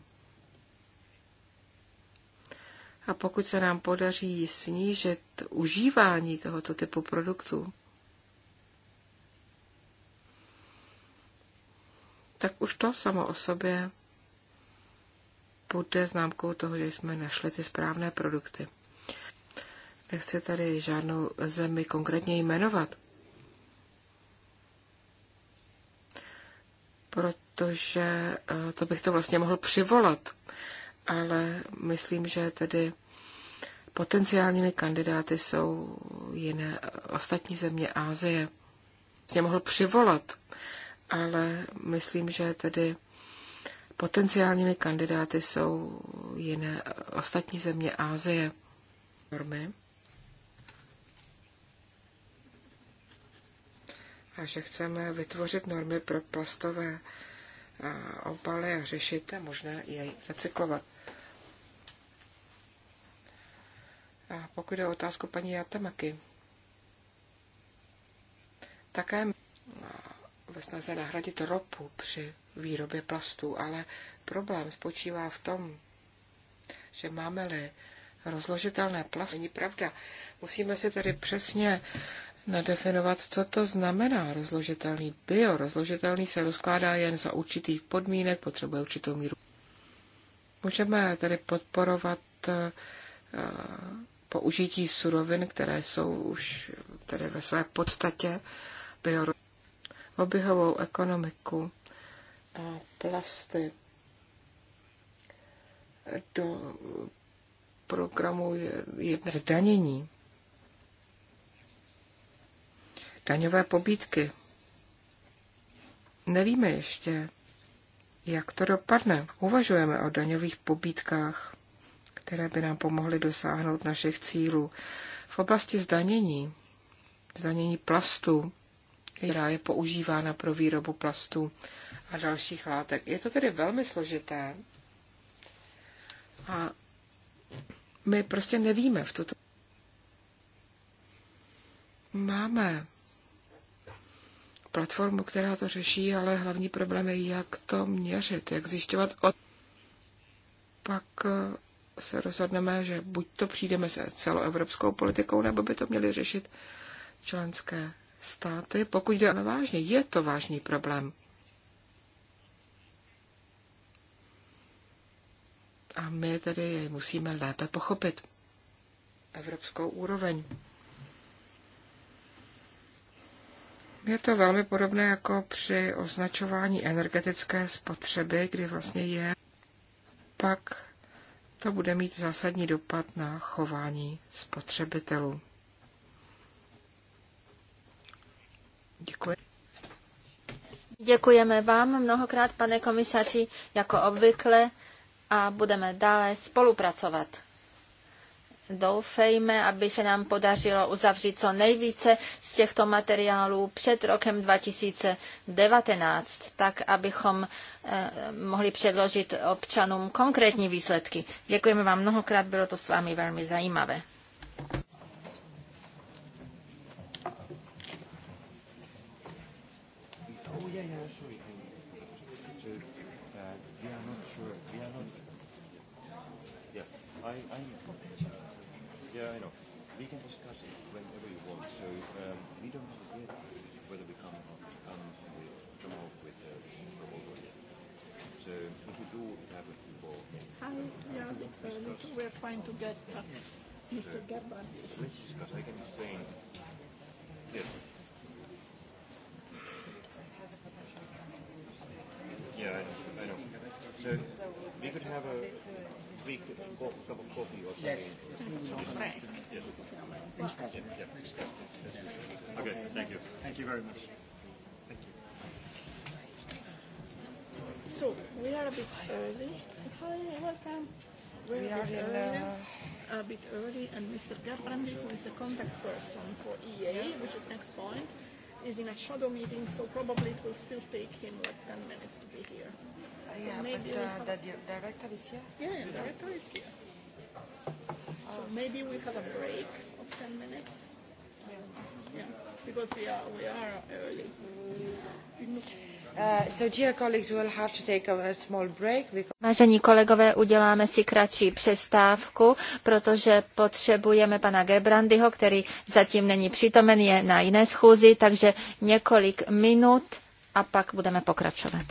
A pokud se nám podaří snížit užívání tohoto typu produktů, tak už to samo o sobě bude známkou toho, že jsme našli ty správné produkty. Nechci tady žádnou zemi konkrétně jmenovat, protože eh, to bych to vlastně mohl přivolat ale myslím, že tedy potenciálními kandidáty jsou jiné ostatní země Ázie. Mě mohl přivolat, ale myslím, že tedy potenciálními kandidáty jsou jiné ostatní země Ázie. Normy. A že chceme vytvořit normy pro plastové obaly a řešit a možná i jej recyklovat. A pokud je o otázku paní Jatamaky, také ve snaze nahradit ropu při výrobě plastů, ale problém spočívá v tom, že máme-li rozložitelné plasty, není pravda. Musíme si tedy přesně nadefinovat, co to znamená rozložitelný. Bio rozložitelný se rozkládá jen za určitých podmínek, potřebuje určitou míru. Můžeme tedy podporovat eh, použití surovin, které jsou už tedy ve své podstatě bio, oběhovou ekonomiku a plasty do programu jedné zdanění. Daňové pobídky. Nevíme ještě, jak to dopadne. Uvažujeme o daňových pobídkách které by nám pomohly dosáhnout našich cílů. V oblasti zdanění, zdanění plastu, která je používána pro výrobu plastu a dalších látek. Je to tedy velmi složité a my prostě nevíme v tuto. Máme platformu, která to řeší, ale hlavní problém je, jak to měřit, jak zjišťovat od... Pak se rozhodneme, že buď to přijdeme se celoevropskou politikou, nebo by to měly řešit členské státy. Pokud jde o vážně, je to vážný problém. A my tedy jej musíme lépe pochopit. Evropskou úroveň. Je to velmi podobné jako při označování energetické spotřeby, kdy vlastně je pak to bude mít zásadní dopad na chování spotřebitelů.
Děkuji. Děkujeme vám mnohokrát, pane komisaři, jako obvykle a budeme dále spolupracovat doufejme, aby se nám podařilo uzavřít co nejvíce z těchto materiálů před rokem 2019, tak abychom eh, mohli předložit občanům konkrétní výsledky. Děkujeme vám mnohokrát, bylo to s vámi velmi zajímavé.
I, yeah, I know. We can discuss it whenever you want. So um, we don't have a yet whether we come up, come, with, come up with a proposal yet. So if we do, it happens before. Hi, yeah, uh, so we're trying to get uh,
Mr. So, Gerber. Let's discuss. I can explain. Yes.
Yeah, I know. So we could have a brief cup
of coffee or something. Yes. Okay, thank you. Thank you very much. Thank
you. So, we are a bit early. Hi, welcome. we are a bit uh, a bit early, and Mr. Garbrandi, who is the contact person for EA, which is next point, is in a shadow meeting, so probably it will still take him like 10 minutes to be here yeah, so maybe but uh, have... the director is here? Yeah, the director is here. So oh. maybe we have a break of 10 minutes. Yeah, yeah because we are, we are early.
Uh, so dear colleagues, we'll have to take a small break Vážení kolegové, uděláme si kratší přestávku, protože potřebujeme pana Gebrandyho, který zatím není přítomen, je na jiné schůzi, takže několik minut a pak budeme pokračovat.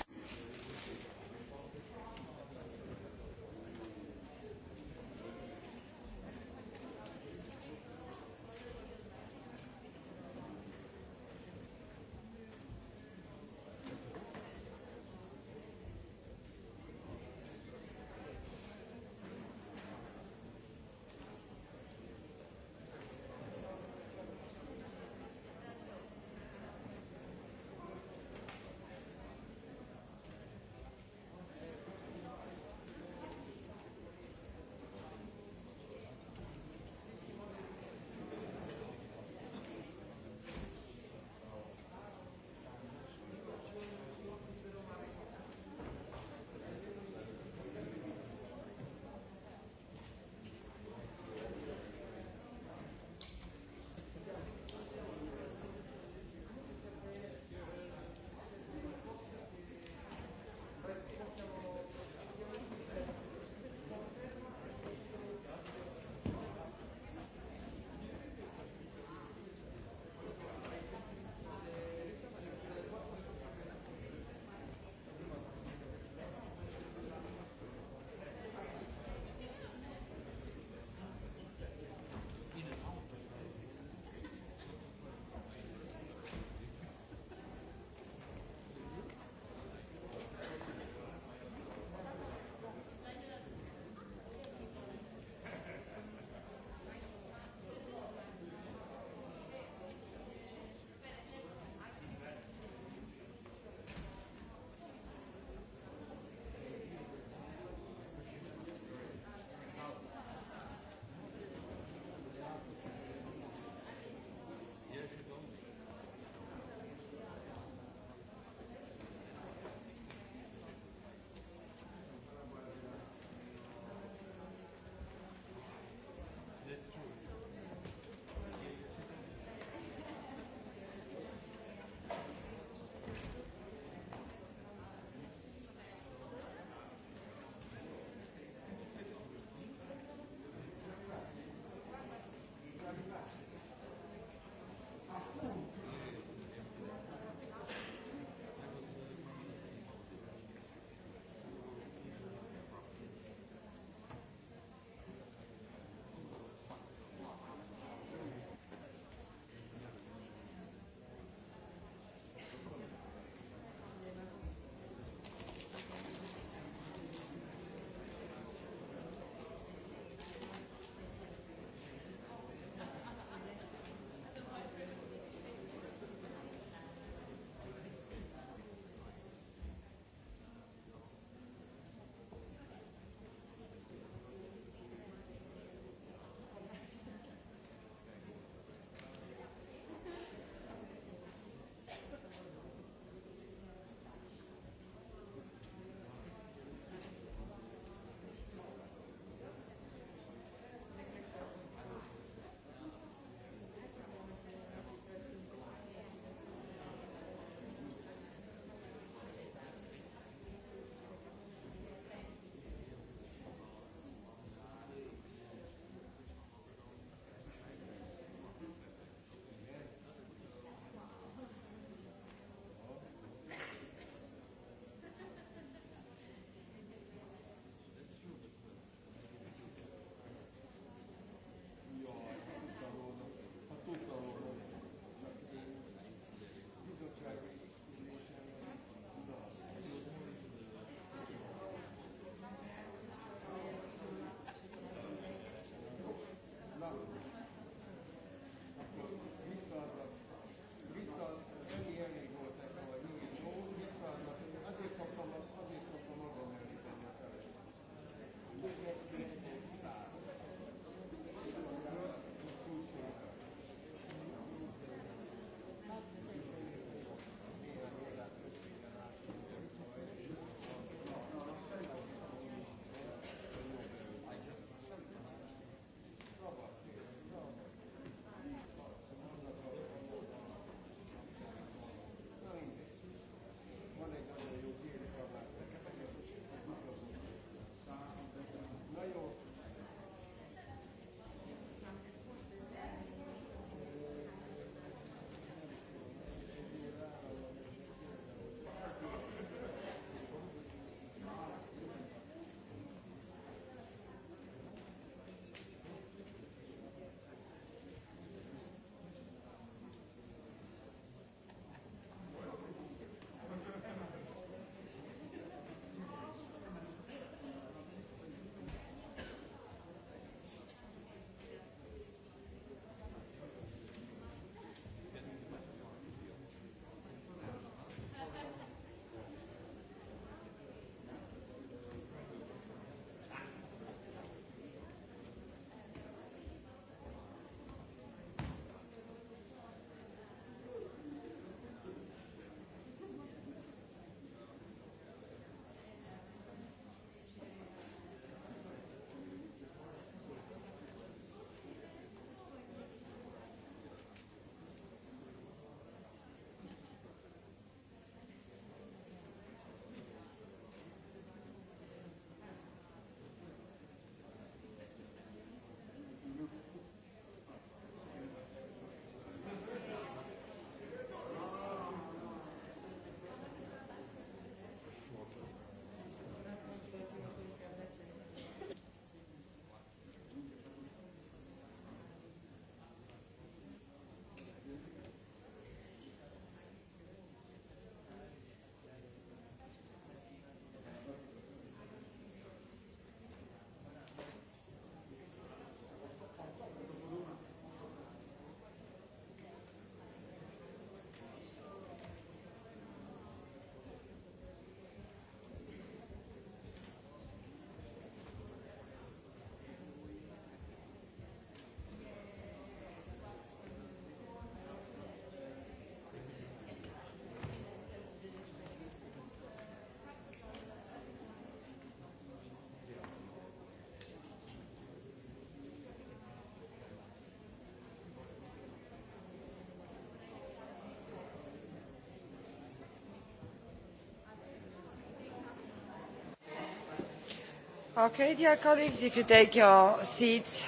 Okay, dear colleagues, if you take your seats,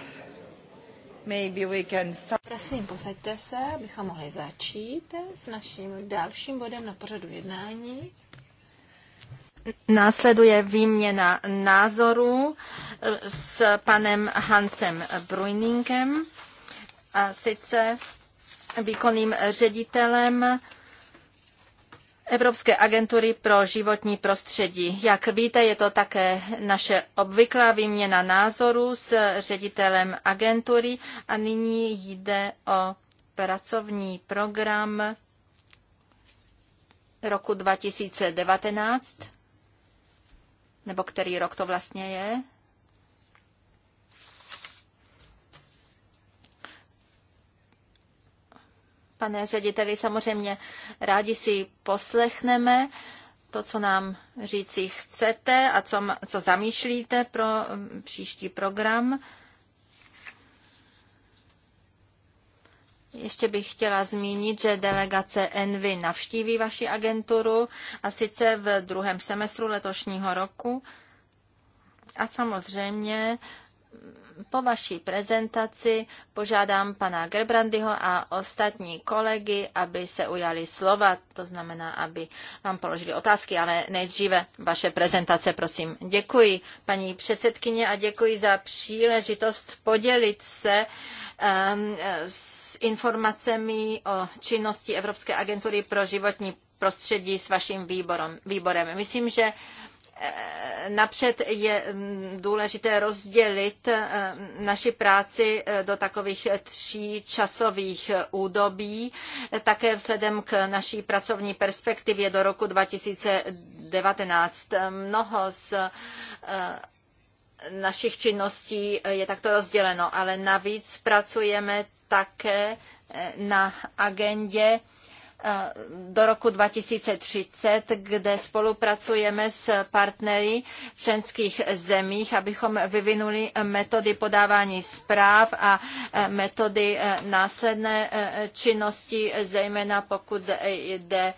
maybe we can start. Prosím, posaďte se, abychom mohli začít s naším dalším bodem na pořadu jednání.
Následuje výměna názorů eh, s panem Hansem Bruiningem, a sice výkonným ředitelem Evropské agentury pro životní prostředí. Jak víte, je to také naše obvyklá výměna názorů s ředitelem agentury a nyní jde o pracovní program roku 2019, nebo který rok to vlastně je. Pane řediteli, samozřejmě rádi si poslechneme to, co nám říci chcete a co, co zamýšlíte pro mm, příští program. Ještě bych chtěla zmínit, že delegace Envy navštíví vaši agenturu a sice v druhém semestru letošního roku. A samozřejmě po vaší prezentaci požádám pana Gerbrandyho a ostatní kolegy, aby se ujali slova, to znamená, aby vám položili otázky, ale nejdříve vaše prezentace, prosím. Děkuji, paní předsedkyně, a děkuji za příležitost podělit se um, s informacemi o činnosti Evropské agentury pro životní prostředí s vaším výborem. výborem. Myslím, že napřed je mm, důležité rozdělit eh, naši práci eh, do takových tří časových eh, údobí, také vzhledem k naší pracovní perspektivě do roku 2019. Mnoho z našich činností je takto rozděleno, ale navíc pracujeme také na agendě do roku 2030, kde spolupracujeme s partnery v členských zemích, abychom vyvinuli metody podávání zpráv a metody následné činnosti, zejména pokud jde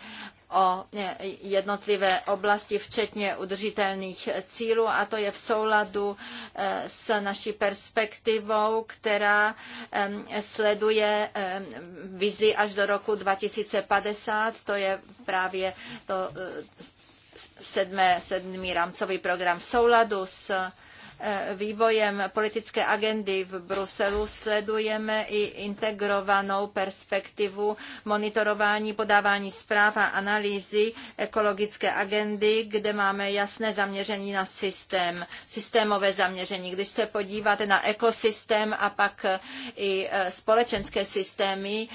o e, jednotlivé oblasti, včetně udržitelných cílů a to je v souladu e, s naší perspektivou, která e, sleduje vizi až do roku 2050, to je právě to sedmé, sedmý rámcový program v souladu s Eh, vývojem politické agendy v Bruselu sledujeme i integrovanou perspektivu monitorování, podávání zpráv a analýzy ekologické agendy, kde máme jasné zaměření na systém, systémové zaměření. Když se podíváte na ekosystém a pak eh, i eh, společenské systémy,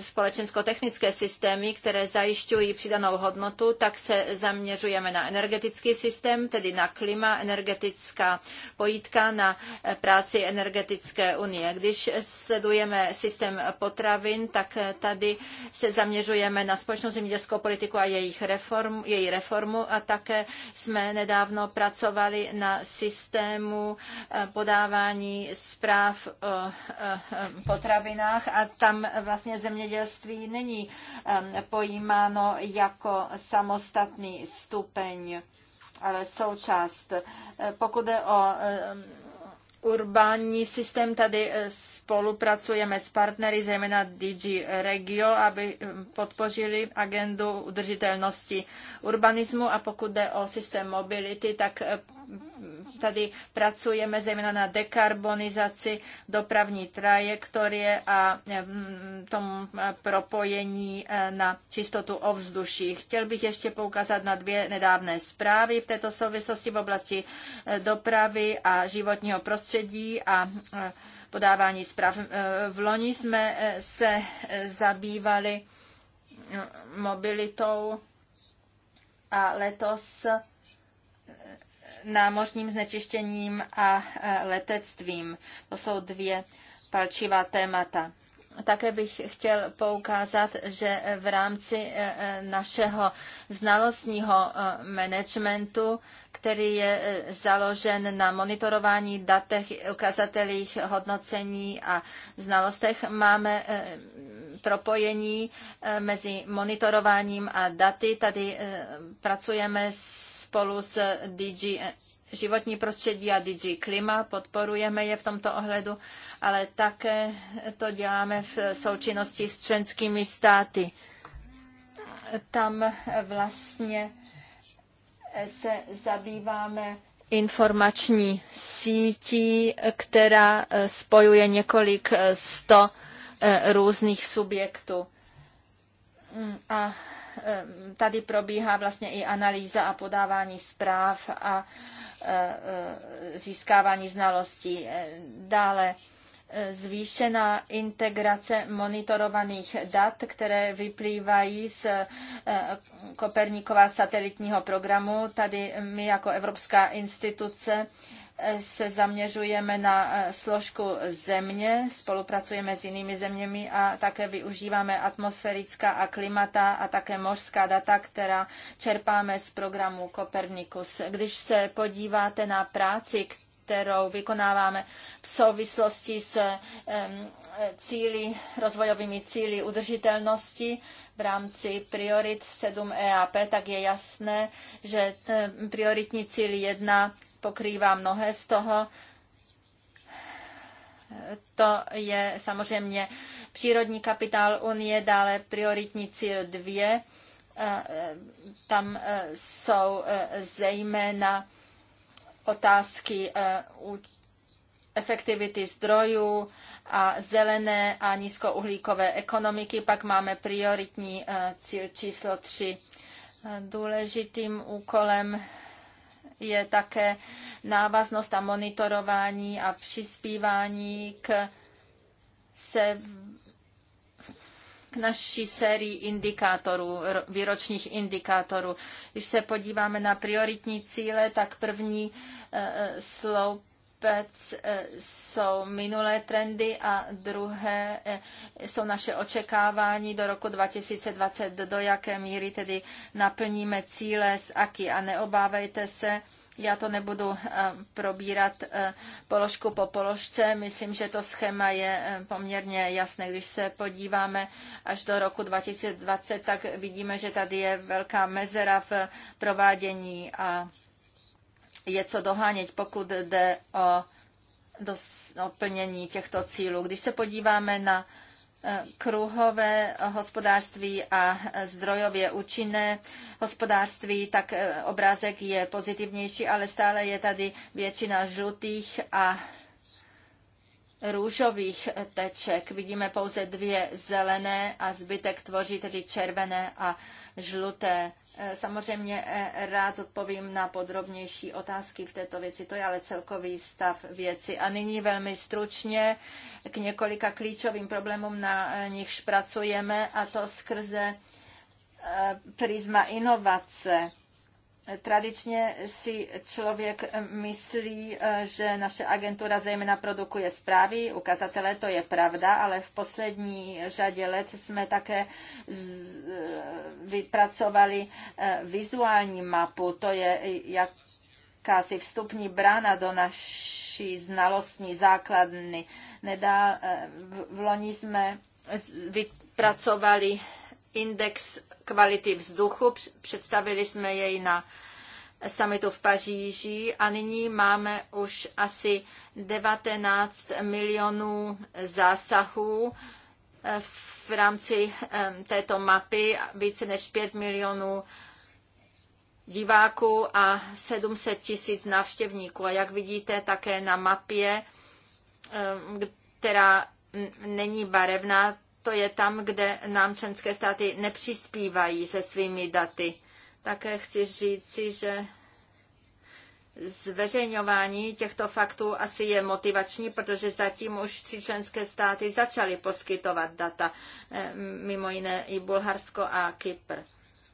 společensko-technické systémy, které zajišťují přidanou hodnotu, tak se zaměřujeme na energetický systém, tedy na klima, energetická pojítka na práci energetické unie. Když sledujeme systém potravin, tak tady se zaměřujeme na společnou zemědělskou politiku a jejich reformu, její reformu a také jsme nedávno pracovali na systému eh, podávání zpráv o eh, eh, potravinách a tam vlastně zemědělství není pojímáno jako samostatný stupeň ale součást. Eh, pokud jde o eh, urbánní systém, tady eh, spolupracujeme s partnery, zejména DG Regio, aby podpořili agendu udržitelnosti urbanismu a pokud jde o systém mobility, tak tady pracujeme zejména na dekarbonizaci dopravní trajektorie a mm, tom propojení e, na čistotu ovzduší. Chtěl bych ještě poukázat na dvě nedávné zprávy v této souvislosti v oblasti e, dopravy a životního prostředí a e, podávání zpráv. V loni jsme se zabývali mobilitou a letos námořním znečištěním a e, letectvím. To jsou dvě palčivá témata. Také bych chtěl poukázat, že v rámci e, e, našeho znalostního managementu, který je založen na monitorování datech, ukazatelích, hodnocení a znalostech, máme propojení mezi monitorováním a daty. Tady pracujeme s spolu s DG životní prostředí a DG Klima, podporujeme je v tomto ohledu, ale také to děláme v součinnosti s členskými státy. Tam vlastně se zabýváme informační sítí, která spojuje několik sto eh, různých subjektů. A Ehm, tady probíhá vlastně i analýza a podávání zpráv a ehm, e, získávání znalostí. Ehm, dále zvýšená integrace monitorovaných dat, které vyplývají z Koperníkova satelitního programu. Tady my jako Evropská instituce se zaměřujeme na eh, složku země, spolupracujeme s jinými zeměmi a také využíváme atmosférická a klimata a také mořská data, která čerpáme z programu Copernicus. Když se podíváte na práci, kterou vykonáváme v souvislosti s cíly, rozvojovými cíly udržitelnosti v rámci priorit 7 EAP, tak je jasné, že prioritní cíl 1 pokrývá mnohé z toho, to je samozřejmě přírodní kapitál Unie, dále prioritní cíl 2. E, e, tam e, jsou zejména otázky eh, efektivity zdrojů a zelené a nízkouhlíkové ekonomiky. Pak máme prioritní eh, cíl číslo 3. Eh, důležitým úkolem je také návaznost a monitorování a přispívání k se naší sérii indikátorů, výročních indikátorů. Když se podíváme na prioritní cíle, tak první e, e, sloup e, jsou minulé trendy a druhé jsou naše očekávání do roku 2020, do jaké míry tedy naplníme cíle z AKI. A neobávejte se, já to nebudu eh, probírat eh, položku po položce. Myslím, že to schéma je eh, poměrně jasné. Když se podíváme až do roku 2020, tak vidíme, že tady je velká mezera v provádění a je co dohánět, pokud jde o, doplnění plnění těchto cílů. Když se podíváme na kruhové hospodářství a zdrojově účinné hospodářství, tak eh, obrázek je pozitivnější, ale stále je tady většina žlutých a růžových teček. Vidíme pouze dvě zelené a zbytek tvoří tedy červené a žluté. Eh, samozřejmě eh, rád odpovím na podrobnější otázky v této věci. To je ale celkový stav věci. A nyní velmi stručně k několika klíčovým problémům, na eh, nichž pracujeme, a to skrze prisma inovace Tradičně si člověk myslí, eh, že naše agentura zejména produkuje zprávy, ukazatele, to je pravda, ale v poslední řadě let jsme také eh, vypracovali eh, vizuální mapu, to je jakási vstupní brána do naší znalostní základny. Nedá, v loni jsme vypracovali index kvality vzduchu. Představili jsme jej na summitu v Paříži a nyní máme už asi 19 milionů zásahů eh, v rámci eh, této mapy, více než 5 milionů diváků a 700 tisíc návštěvníků. A jak vidíte také na mapě, eh, která není barevná, to je tam, kde nám členské státy nepřispívají se svými daty. Také chci říci, že zveřejňování těchto faktů asi je motivační, protože zatím už tři členské státy začaly poskytovat data, eh, mimo jiné i Bulharsko a Kypr.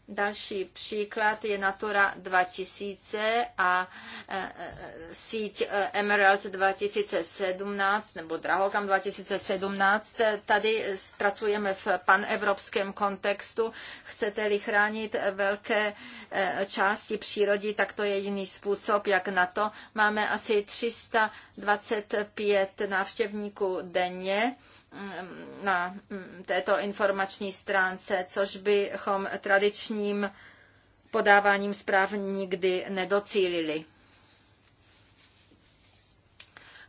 Další příklad je Natura 2000 a e, e, síť e, Emerald 2017 nebo Drahokam 2017. Tady pracujeme v panevropském kontextu. Chcete-li chránit velké části přírody, tak to je jiný způsob, jak na to. Máme asi 325 návštěvníků denně Mm, na mm, této informační stránce, což bychom tradičním podáváním zpráv nikdy nedocílili.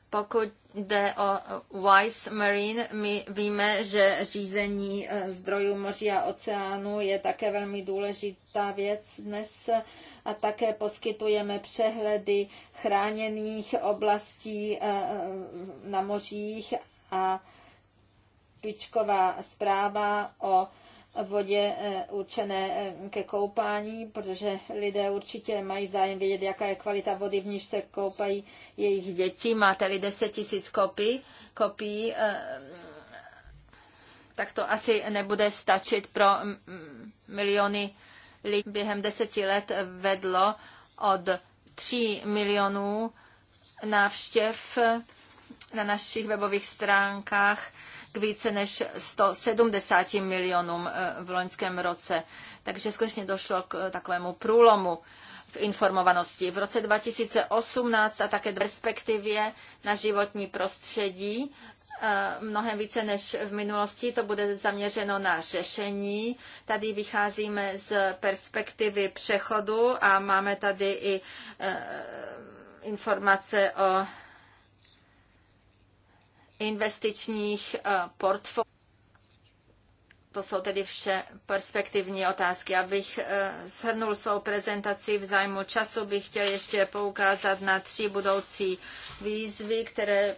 Pokud jde o Wise Marine, my víme, že řízení eh, zdrojů moří a oceánu je také velmi důležitá věc dnes a také poskytujeme přehledy chráněných oblastí eh, eh, na mořích a špičková zpráva o vodě eh, určené eh, ke koupání, protože lidé určitě mají zájem vědět, jaká je kvalita vody, v níž se koupají jejich děti. Máte-li 10 tisíc kopií, kopií, eh, tak to asi nebude stačit pro mm, mm, miliony lidí. Během deseti let vedlo od 3 milionů návštěv na našich webových stránkách k více než 170 milionům eh, v loňském roce. Takže skutečně došlo k eh, takovému průlomu v informovanosti. V roce 2018 a také perspektivě na životní prostředí eh, mnohem více než v minulosti. To bude zaměřeno na řešení. Tady vycházíme z perspektivy přechodu a máme tady i informace o investičních eh, portfolií. To jsou tedy vše perspektivní otázky. Abych eh, shrnul svou prezentaci v zájmu času, bych chtěl ještě poukázat na tři budoucí výzvy, které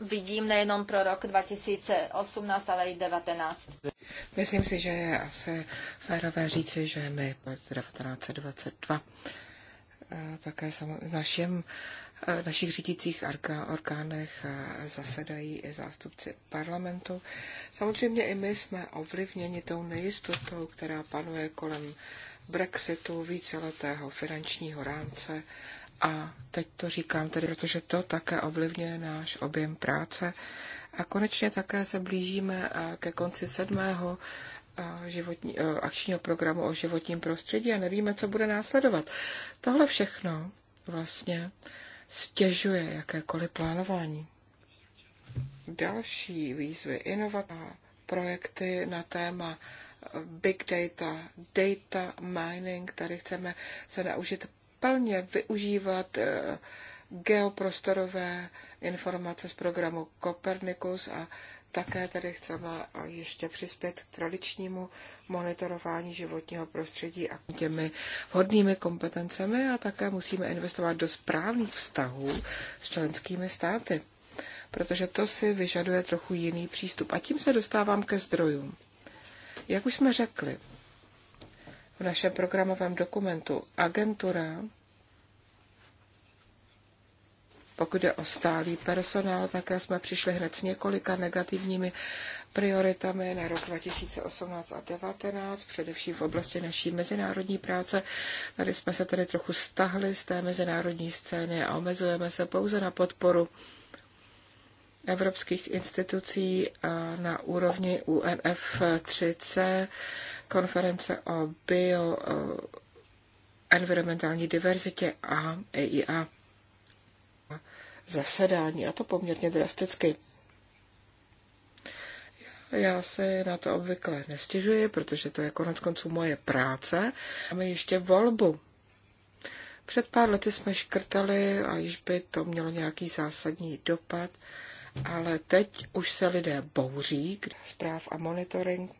vidím nejenom pro rok 2018, ale i 2019.
Myslím si, že je asi férové říci, že my 1922 eh, také našem Eh, našich řídících orgánech eh, zasedají i zástupci parlamentu. Samozřejmě i my jsme ovlivněni tou nejistotou, která panuje kolem Brexitu, víceletého finančního rámce a teď to říkám tedy, protože to také ovlivňuje náš objem práce. A konečně také se blížíme eh, ke konci sedmého životní, akčního programu o životním prostředí a nevíme, co bude následovat. Tohle všechno vlastně stěžuje jakékoliv plánování. Další výzvy inovativní projekty na téma big data, data mining, tady chceme se naučit plně využívat eh, geoprostorové informace z programu Copernicus a také tady chceme eh, ještě přispět k tradičnímu monitorování životního prostředí a těmi vhodnými kompetencemi a také musíme investovat do správných vztahů s členskými státy, protože to si vyžaduje trochu jiný přístup. A tím se dostávám ke zdrojům. Jak už jsme řekli, v našem programovém dokumentu agentura pokud je o stálý personál, také jsme přišli hned s několika negativními prioritami na rok 2018 a 2019, především v oblasti naší mezinárodní práce. Tady jsme se tedy trochu stahli z té mezinárodní scény a omezujeme se pouze na podporu evropských institucí eh, na úrovni UNF3C, konference o bio eh, environmentální diverzitě a EIA zasedání, a to poměrně drasticky. Já se na to obvykle nestěžuji, protože to je konec konců moje práce. Máme ještě volbu. Před pár lety jsme škrtali, a již by to mělo nějaký zásadní dopad, ale teď už se lidé bouří k zpráv a monitoring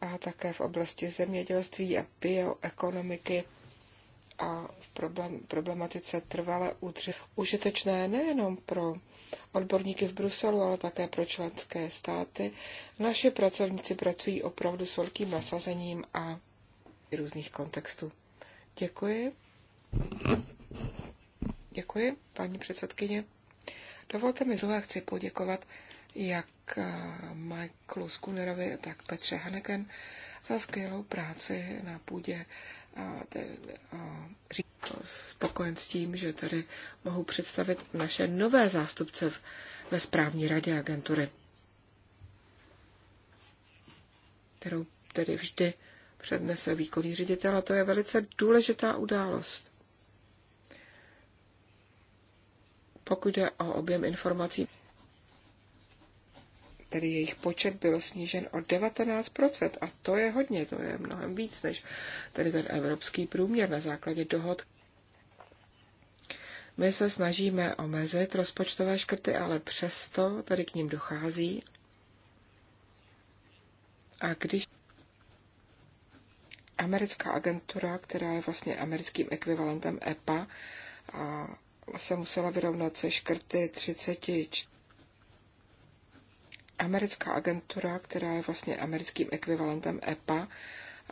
a také v oblasti zemědělství a bioekonomiky a v problém, problematice trvale udři, užitečné nejenom pro odborníky v Bruselu, ale také pro členské státy. Naši pracovníci pracují opravdu s velkým nasazením a různých kontextů. Děkuji. Děkuji, paní předsedkyně. Dovolte mi druhé chci poděkovat jak eh, Michaelu Skunerovi, tak Petře Haneken za skvělou práci na půdě ten, spokojen s tím, že tady mohu představit naše nové zástupce ve správní radě agentury, kterou tedy vždy přednese výkonný ředitel a to je velice důležitá událost. Pokud jde o objem informací, tedy jejich počet byl snížen o 19%. A to je hodně, to je mnohem víc než tedy ten evropský průměr na základě dohod. My se snažíme omezit rozpočtové škrty, ale přesto tady k ním dochází. A když americká agentura, která je vlastně americkým ekvivalentem EPA, a se musela vyrovnat se škrty 34 americká agentura, která je vlastně americkým ekvivalentem EPA,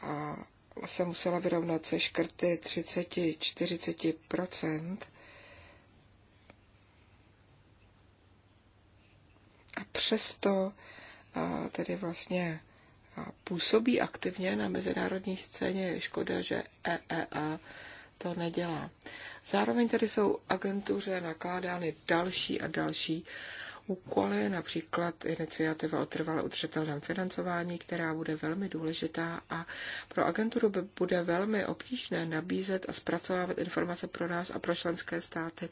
a se musela vyrovnat se škrty 30-40 A přesto a tedy vlastně působí aktivně na mezinárodní scéně. Je škoda, že EEA to nedělá. Zároveň tady jsou agentuře nakládány další a další úkoly, například iniciativa o trvalé udržitelném financování, která bude velmi důležitá a pro agenturu by bude velmi obtížné nabízet a zpracovávat informace pro nás a pro členské státy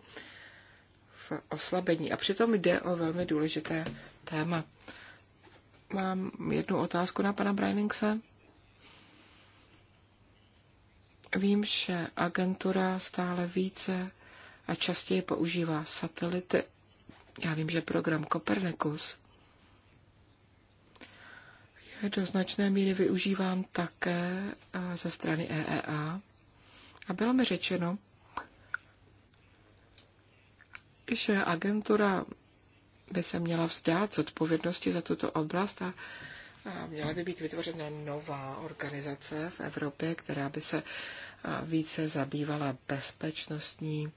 v oslabení. A přitom jde o velmi důležité téma. Mám jednu otázku na pana Brainingse. Vím, že agentura stále více a častěji používá satelity já vím, že program Kopernikus je do značné míry využíván také eh, ze strany EEA. A bylo mi řečeno, že agentura by se měla vzdát z odpovědnosti za tuto oblast a, a měla by být vytvořena nová organizace v Evropě, která by se eh, více zabývala bezpečnostní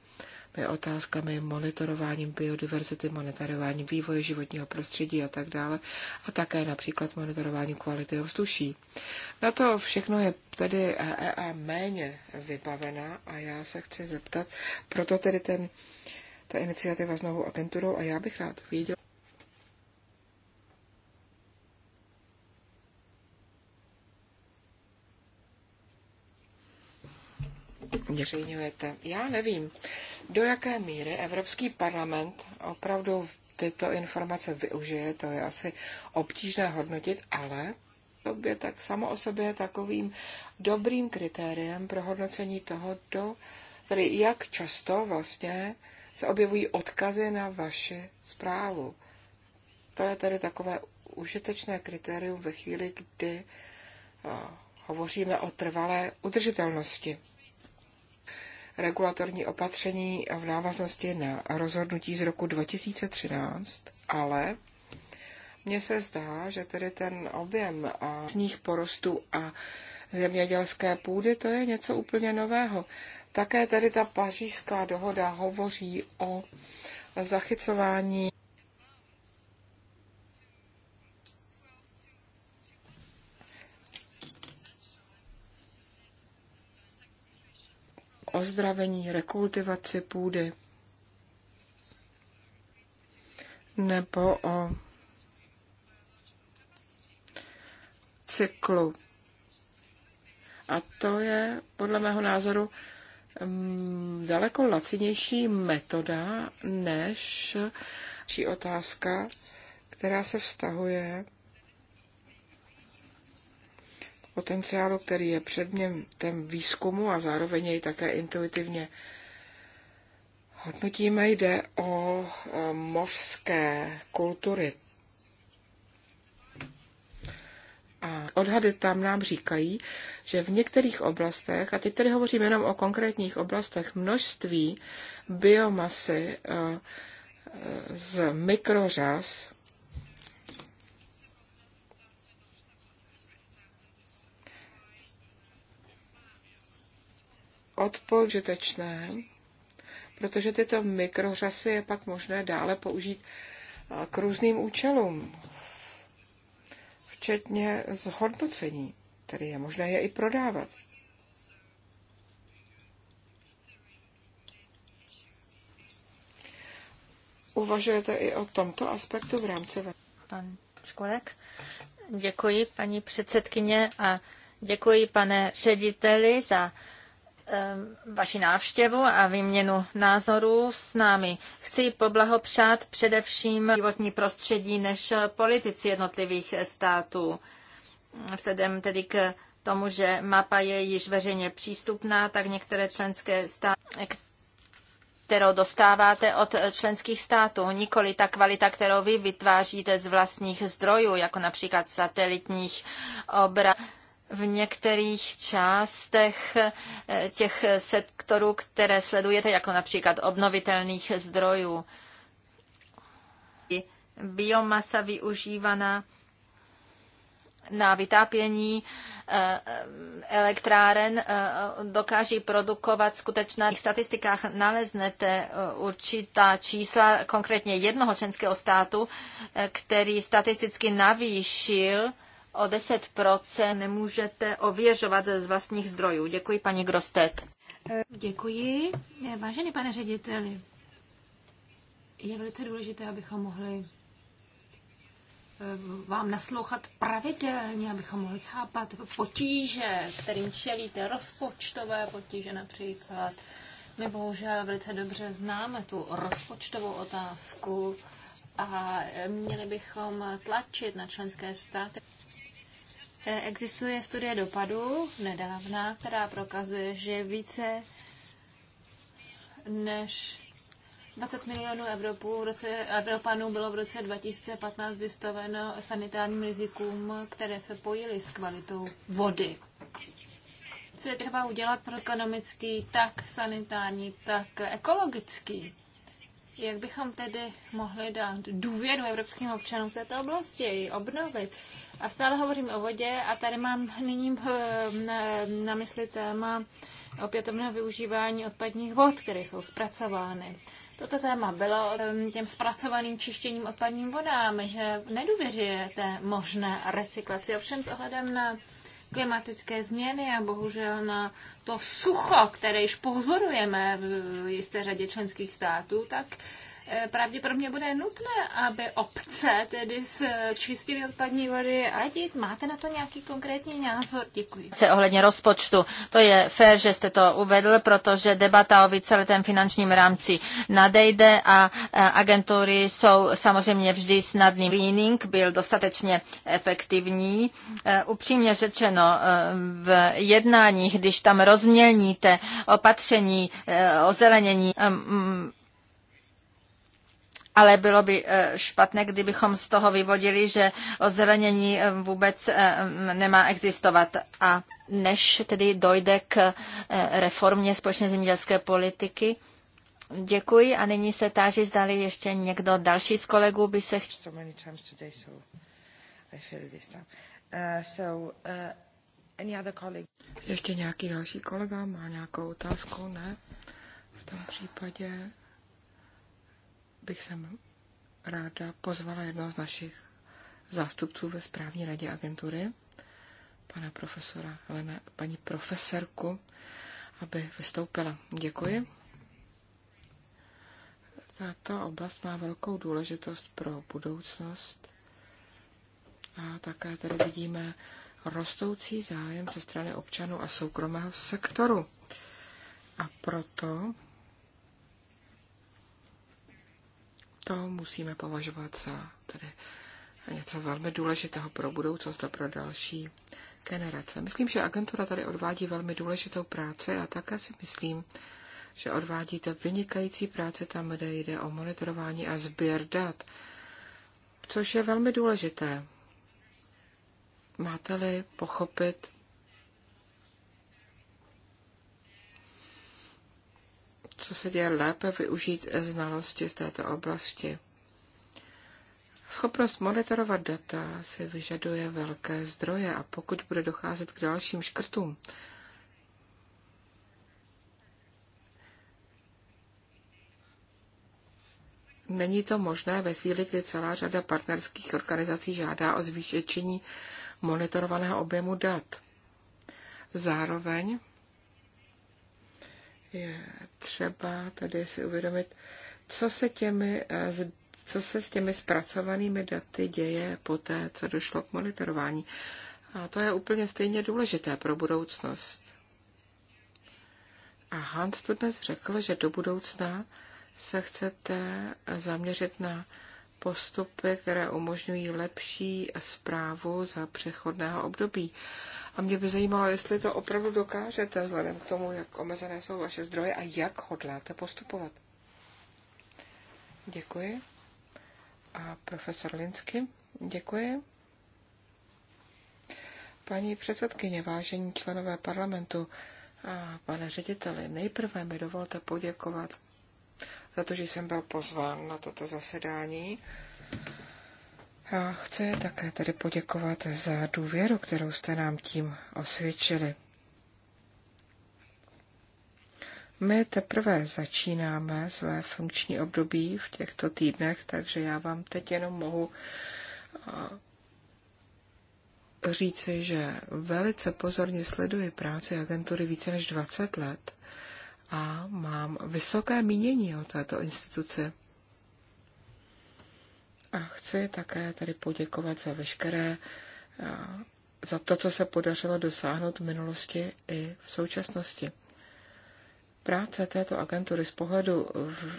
otázkami monitorováním biodiverzity, monitorováním vývoje životního prostředí a tak dále a také například monitorování kvality ovzduší. Na to všechno je tedy EEA méně vybavená a já se chci zeptat, proto tedy ten, ta iniciativa s novou agenturou a já bych rád věděl, zveřejňujete. Já nevím, do jaké míry Evropský parlament opravdu tyto informace využije, to je asi obtížné hodnotit, ale je tak samo o sobě takovým dobrým kritériem pro hodnocení toho, do, tedy jak často vlastně se objevují odkazy na vaši zprávu. To je tedy takové užitečné kritérium ve chvíli, kdy eh, hovoříme o trvalé udržitelnosti regulatorní opatření v návaznosti na rozhodnutí z roku 2013, ale mně se zdá, že tedy ten objem a sníh porostu a zemědělské půdy, to je něco úplně nového. Také tedy ta pařížská dohoda hovoří o zachycování ozdravení, rekultivaci půdy nebo o cyklu. A to je podle mého názoru mm, daleko lacinější metoda než otázka, která se vztahuje potenciálu, který je předmětem výzkumu a zároveň jej také intuitivně hodnotíme, jde o e, mořské kultury. A odhady tam nám říkají, že v některých oblastech, a teď tedy hovořím jenom o konkrétních oblastech, množství biomasy e, e, z mikrořas odpožitečné, protože tyto mikrořasy je pak možné dále použít k různým účelům, včetně zhodnocení, tedy je možné je i prodávat. Uvažujete i o
tomto aspektu v rámci Pan Školek. Děkuji, paní předsedkyně, a děkuji, pane řediteli, za Eh, vaši návštěvu a výměnu názorů s námi. Chci poblahopřát především životní prostředí než politici jednotlivých států. Vzhledem tedy k tomu, že mapa je již veřejně přístupná, tak některé členské státy, kterou dostáváte od členských států, nikoli ta kvalita, kterou vy vytváříte z vlastních zdrojů, jako například satelitních obrazů v některých částech eh, těch sektorů, které sledujete, jako například obnovitelných zdrojů. Biomasa využívaná na vytápění eh, elektráren eh, dokáží produkovat skutečná. V statistikách naleznete určitá čísla konkrétně jednoho členského státu, který statisticky navýšil o 10% nemůžete ověřovat z vlastních zdrojů. Děkuji, paní Grostet.
Děkuji. Vážený pane řediteli, je velice důležité, abychom mohli eh, vám naslouchat pravidelně, abychom mohli chápat potíže, kterým čelíte, rozpočtové potíže například. My bohužel velice dobře známe tu rozpočtovou otázku a měli bychom tlačit na členské státy. Eh, existuje studie dopadu nedávná, která prokazuje, že více než 20 milionů Evropů v roce, Evropanů bylo v roce 2015 vystaveno sanitárním rizikům, které se pojily s kvalitou vody. Co je třeba udělat pro ekonomický, tak sanitární, tak ekologický? Jak bychom tedy mohli dát důvěru evropským občanům v této oblasti, ji obnovit? A stále hovořím o vodě a tady mám nyní eh, na mysli téma opětovného využívání odpadních vod, které jsou zpracovány. Toto téma bylo těm zpracovaným čištěním odpadním vodám, že nedůvěřujete možné recyklaci. Ovšem s ohledem na klimatické změny a bohužel na to sucho, které již pozorujeme v jisté řadě členských států, tak pravděpodobně bude nutné, aby obce tedy čistými odpadní vody radit. Máte na to nějaký konkrétní názor? Děkuji.
Se ohledně rozpočtu, to je fér, že jste to uvedl, protože debata o víceletém finančním rámci nadejde a agentury jsou samozřejmě vždy snadný. Greening byl dostatečně efektivní. E, upřímně řečeno, e, v jednáních, když tam rozmělníte opatření e, o zelenění ale bylo by eh, špatné, kdybychom z toho vyvodili, že ozelenění eh, vůbec eh, nemá existovat. A než tedy dojde k reformě společné zemědělské politiky, Děkuji a nyní se táží, zdali ještě někdo další z kolegů by se chtěl.
Uh, uh, ještě nějaký další kolega má nějakou otázku? Ne? V tom případě bych sem ráda pozvala jednoho z našich zástupců ve správní radě agentury, pana profesora Helena, paní profesorku, aby vystoupila. Děkuji. Tato oblast má velkou důležitost pro budoucnost a také tady vidíme rostoucí zájem ze strany občanů a soukromého sektoru. A proto to musíme považovat za tedy něco velmi důležitého pro budoucnost a pro další generace. Myslím, že agentura tady odvádí velmi důležitou práci a také si myslím, že odvádíte vynikající práci tam, kde jde o monitorování a sběr dat, což je velmi důležité. Máte-li pochopit co se děje lépe, využít znalosti z této oblasti. Schopnost monitorovat data si vyžaduje velké zdroje a pokud bude docházet k dalším škrtům, není to možné ve chvíli, kdy celá řada partnerských organizací žádá o zvýšení monitorovaného objemu dat. Zároveň je třeba tady si uvědomit, co se, těmi, eh, co se s těmi zpracovanými daty děje po té, co došlo k monitorování. A to je úplně stejně důležité pro budoucnost. A Hans tu dnes řekl, že do budoucna se chcete zaměřit na postupy, které umožňují lepší zprávu za přechodného období. A mě by zajímalo, jestli to opravdu dokážete, vzhledem k tomu, jak omezené jsou vaše zdroje a jak hodláte postupovat. Děkuji. A profesor Linsky, děkuji. Paní předsedkyně, vážení členové parlamentu, a pane řediteli, nejprve mi dovolte poděkovat za to, že jsem byl pozván na toto zasedání. A chci také tedy poděkovat za důvěru, kterou jste nám tím osvědčili. My teprve začínáme své funkční období v těchto týdnech, takže já vám teď jenom mohu říci, že velice pozorně sleduji práci agentury více než 20 let a mám vysoké mínění o této instituci. A chci také tady poděkovat za veškeré, za to, co se podařilo dosáhnout v minulosti i v současnosti. Práce této agentury z pohledu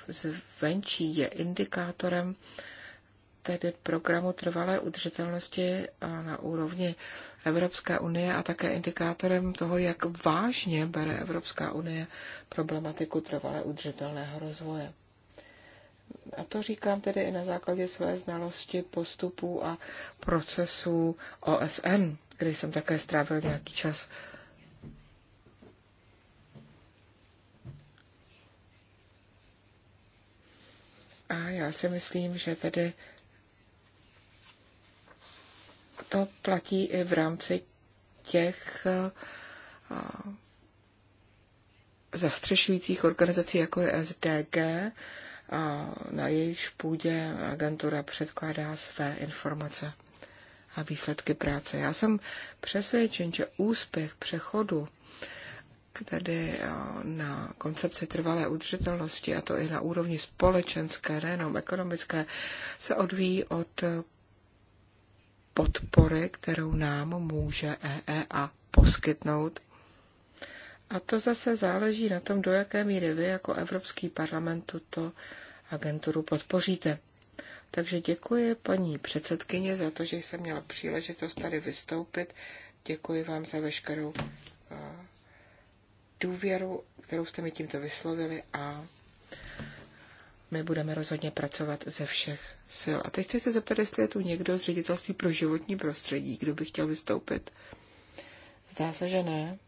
zvenčí je indikátorem tedy programu trvalé udržitelnosti na úrovni Evropské unie a také indikátorem toho, jak vážně bere Evropská unie problematiku trvale udržitelného rozvoje. A to říkám tedy i na základě své znalosti postupů a procesů OSN, kde jsem také strávil nějaký čas. A já si myslím, že tedy to platí i v rámci těch eh, zastřešujících organizací, jako je SDG, a na jejichž půdě agentura předkládá své informace a výsledky práce. Já jsem přesvědčen, že úspěch přechodu tedy eh, na koncepci trvalé udržitelnosti, a to i na úrovni společenské, nejenom ekonomické, se odvíjí od podpory, kterou nám může EEA poskytnout. A to zase záleží na tom, do jaké míry vy jako Evropský parlament tuto agenturu podpoříte. Takže děkuji paní předsedkyně za to, že jsem měla příležitost tady vystoupit. Děkuji vám za veškerou eh, důvěru, kterou jste mi tímto vyslovili a my budeme rozhodně pracovat ze všech sil. A teď chci se zeptat, jestli je tu někdo z ředitelství pro životní prostředí, kdo by chtěl vystoupit. Zdá se, že ne.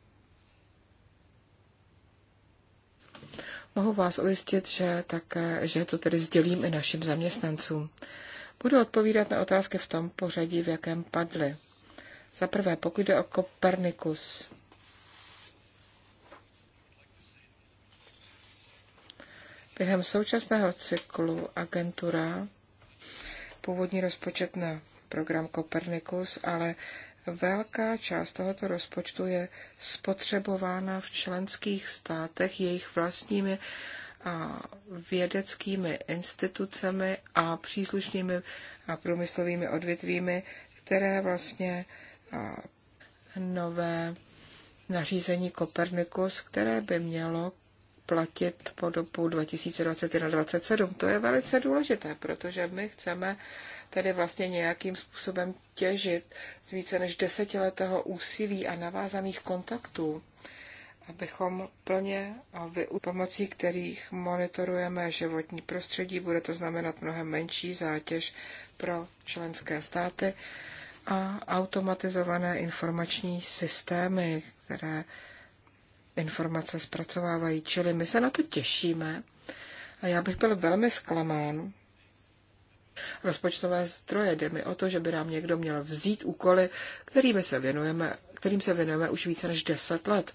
Mohu vás ujistit, že, tak, že to tedy sdělím i našim zaměstnancům. Budu odpovídat na otázky v tom pořadí, v jakém padly. Za prvé, pokud jde o Kopernikus, Během současného cyklu agentura původní rozpočet na program Copernicus, ale velká část tohoto rozpočtu je spotřebována v členských státech jejich vlastními a vědeckými institucemi a příslušnými a průmyslovými odvětvími, které vlastně nové nařízení Kopernikus, které by mělo platit po dobu 2021-2027. To je velice důležité, protože my chceme tedy vlastně nějakým způsobem těžit z více než desetiletého úsilí a navázaných kontaktů, abychom plně pomocí kterých monitorujeme životní prostředí, bude to znamenat mnohem menší zátěž pro členské státy a automatizované informační systémy, které informace zpracovávají. Čili my se na to těšíme a já bych byl velmi zklamán. Rozpočtové zdroje jde mi o to, že by nám někdo měl vzít úkoly, kterými se věnujeme, kterým se věnujeme už více než 10 let.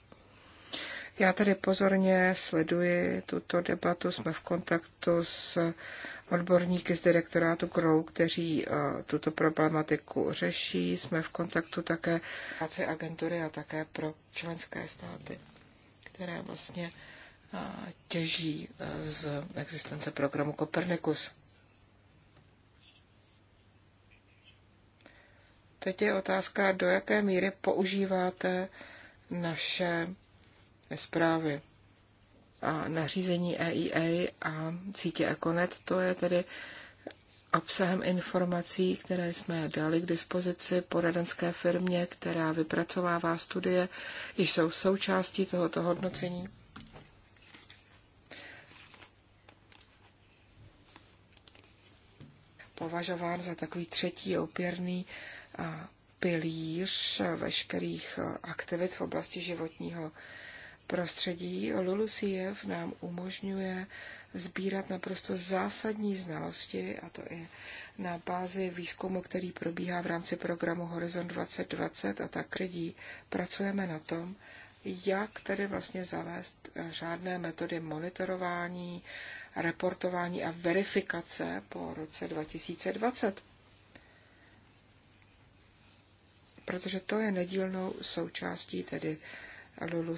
Já tedy pozorně sleduji tuto debatu, jsme v kontaktu s odborníky z direktorátu GROW, kteří eh, tuto problematiku řeší, jsme v kontaktu také agentury a také pro členské státy které vlastně eh, těží eh, z existence programu Kopernikus. Teď je otázka, do jaké míry používáte naše zprávy a nařízení EIA a sítě Econet. To je tedy uh, obsahem informací, které jsme dali k dispozici poradenské firmě, která vypracovává studie, již jsou součástí tohoto hodnocení. Považován za takový třetí opěrný pilíř veškerých aktivit v oblasti životního prostředí LULUCF nám umožňuje sbírat naprosto zásadní znalosti, a to i na bázi výzkumu, který probíhá v rámci programu Horizon 2020 a tak ředí, pracujeme na tom, jak tedy vlastně zavést eh, řádné metody monitorování, reportování a verifikace po roce 2020. Protože to je nedílnou součástí tedy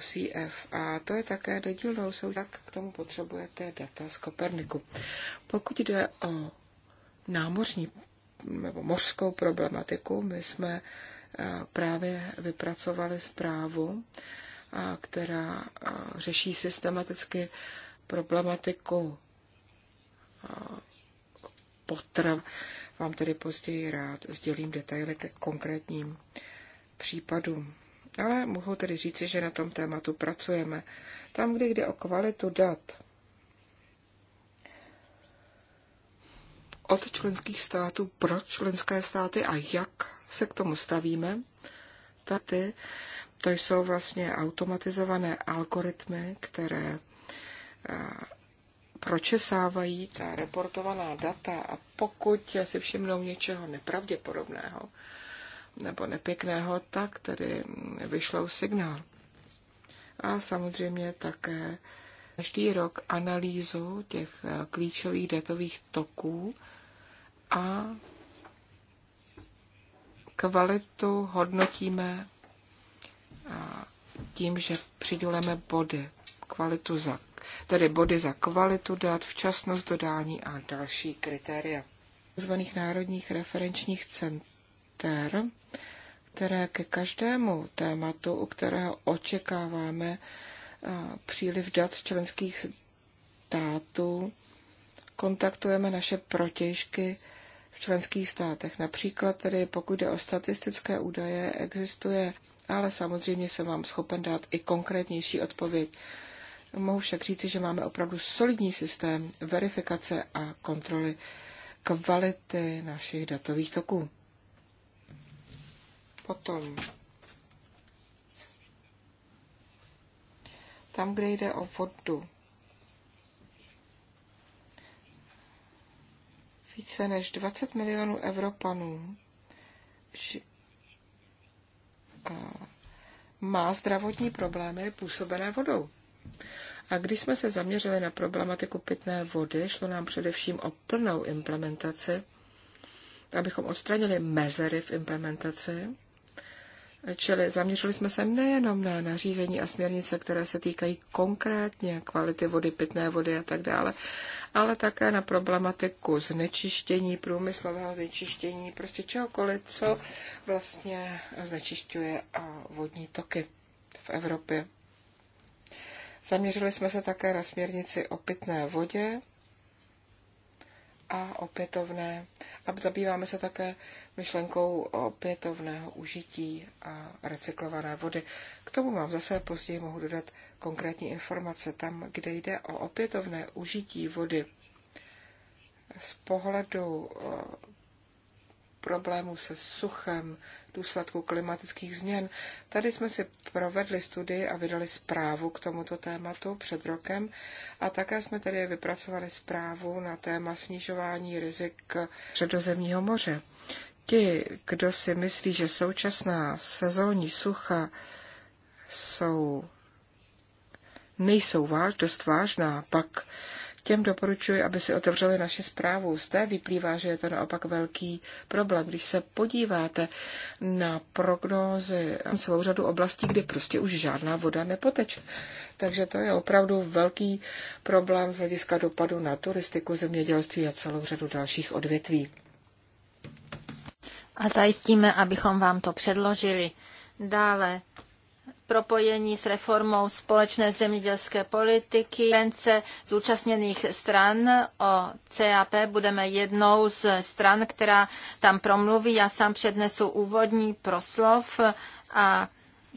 CF. A to je také nedílnou součástí, tak k tomu potřebujete data z Koperniku. Pokud jde o námořní nebo mořskou problematiku, my jsme eh, právě vypracovali zprávu, eh, která eh, řeší systematicky problematiku potrav. Vám tedy později rád sdělím detaily ke konkrétním případům ale mohu tedy říci, že na tom tématu pracujeme. Tam, kdy jde o kvalitu dat od členských států pro členské státy a jak se k tomu stavíme, tady, to jsou vlastně automatizované algoritmy, které eh, pročesávají ta reportovaná data a pokud si všimnou něčeho nepravděpodobného, nebo nepěkného, tak tedy vyšlou signál. A samozřejmě také každý rok analýzu těch eh, klíčových datových toků a kvalitu hodnotíme tím, že přiděleme body. Kvalitu za, tedy body za kvalitu dat, včasnost dodání a další kritéria. Zvaných národních referenčních cent, charakter, které ke každému tématu, u kterého očekáváme eh, příliv dat z členských států, kontaktujeme naše protěžky v členských státech. Například tedy pokud jde o statistické údaje, existuje, ale samozřejmě jsem vám schopen dát i konkrétnější odpověď. Mohu však říci, že máme opravdu solidní systém verifikace a kontroly kvality našich datových toků. Potom tam, kde jde o vodu, více než 20 milionů Evropanů má zdravotní problémy působené vodou. A když jsme se zaměřili na problematiku pitné vody, šlo nám především o plnou implementaci, abychom odstranili mezery v implementaci Čili zaměřili jsme se nejenom na nařízení a směrnice, které se týkají konkrétně kvality vody, pitné vody a tak dále, ale také na problematiku znečištění, průmyslového znečištění, prostě čehokoliv, co vlastně znečišťuje vodní toky v Evropě. Zaměřili jsme se také na směrnici o pitné vodě a opětovné. A zabýváme se také myšlenkou opětovného užití a recyklované vody. K tomu mám zase později mohu dodat konkrétní informace. Tam, kde jde o opětovné užití vody z pohledu eh, problémů se suchem, důsledku klimatických změn. Tady jsme si provedli studii a vydali zprávu k tomuto tématu před rokem a také jsme tady vypracovali zprávu na téma snižování rizik předozemního moře ti, kdo si myslí, že současná sezónní sucha jsou, nejsou váž, dost vážná, pak těm doporučuji, aby si otevřeli naši zprávu. Z té vyplývá, že je to naopak velký problém. Když se podíváte na prognózy celou řadu oblastí, kde prostě už žádná voda nepoteče. Takže to je opravdu velký problém z hlediska dopadu na turistiku, zemědělství a celou řadu dalších odvětví
a zajistíme, abychom vám to předložili. Dále propojení s reformou společné zemědělské politiky. Konference zúčastněných stran o CAP budeme jednou z stran, která tam promluví. Já sám přednesu úvodní proslov a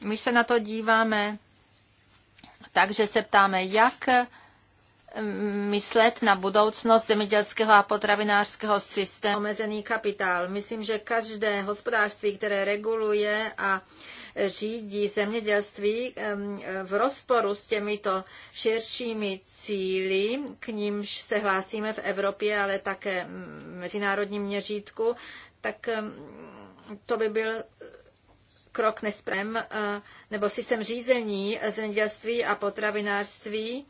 my se na to díváme, takže se ptáme, jak myslet na budoucnost zemědělského a potravinářského systému. Omezený kapitál. Myslím, že každé hospodářství, které reguluje a řídí zemědělství v rozporu s těmito širšími cíly, k nímž se hlásíme v Evropě, ale také mezinárodním měřítku, tak to by byl krok nesprem, eh, nebo systém řízení zemědělství a potravinářství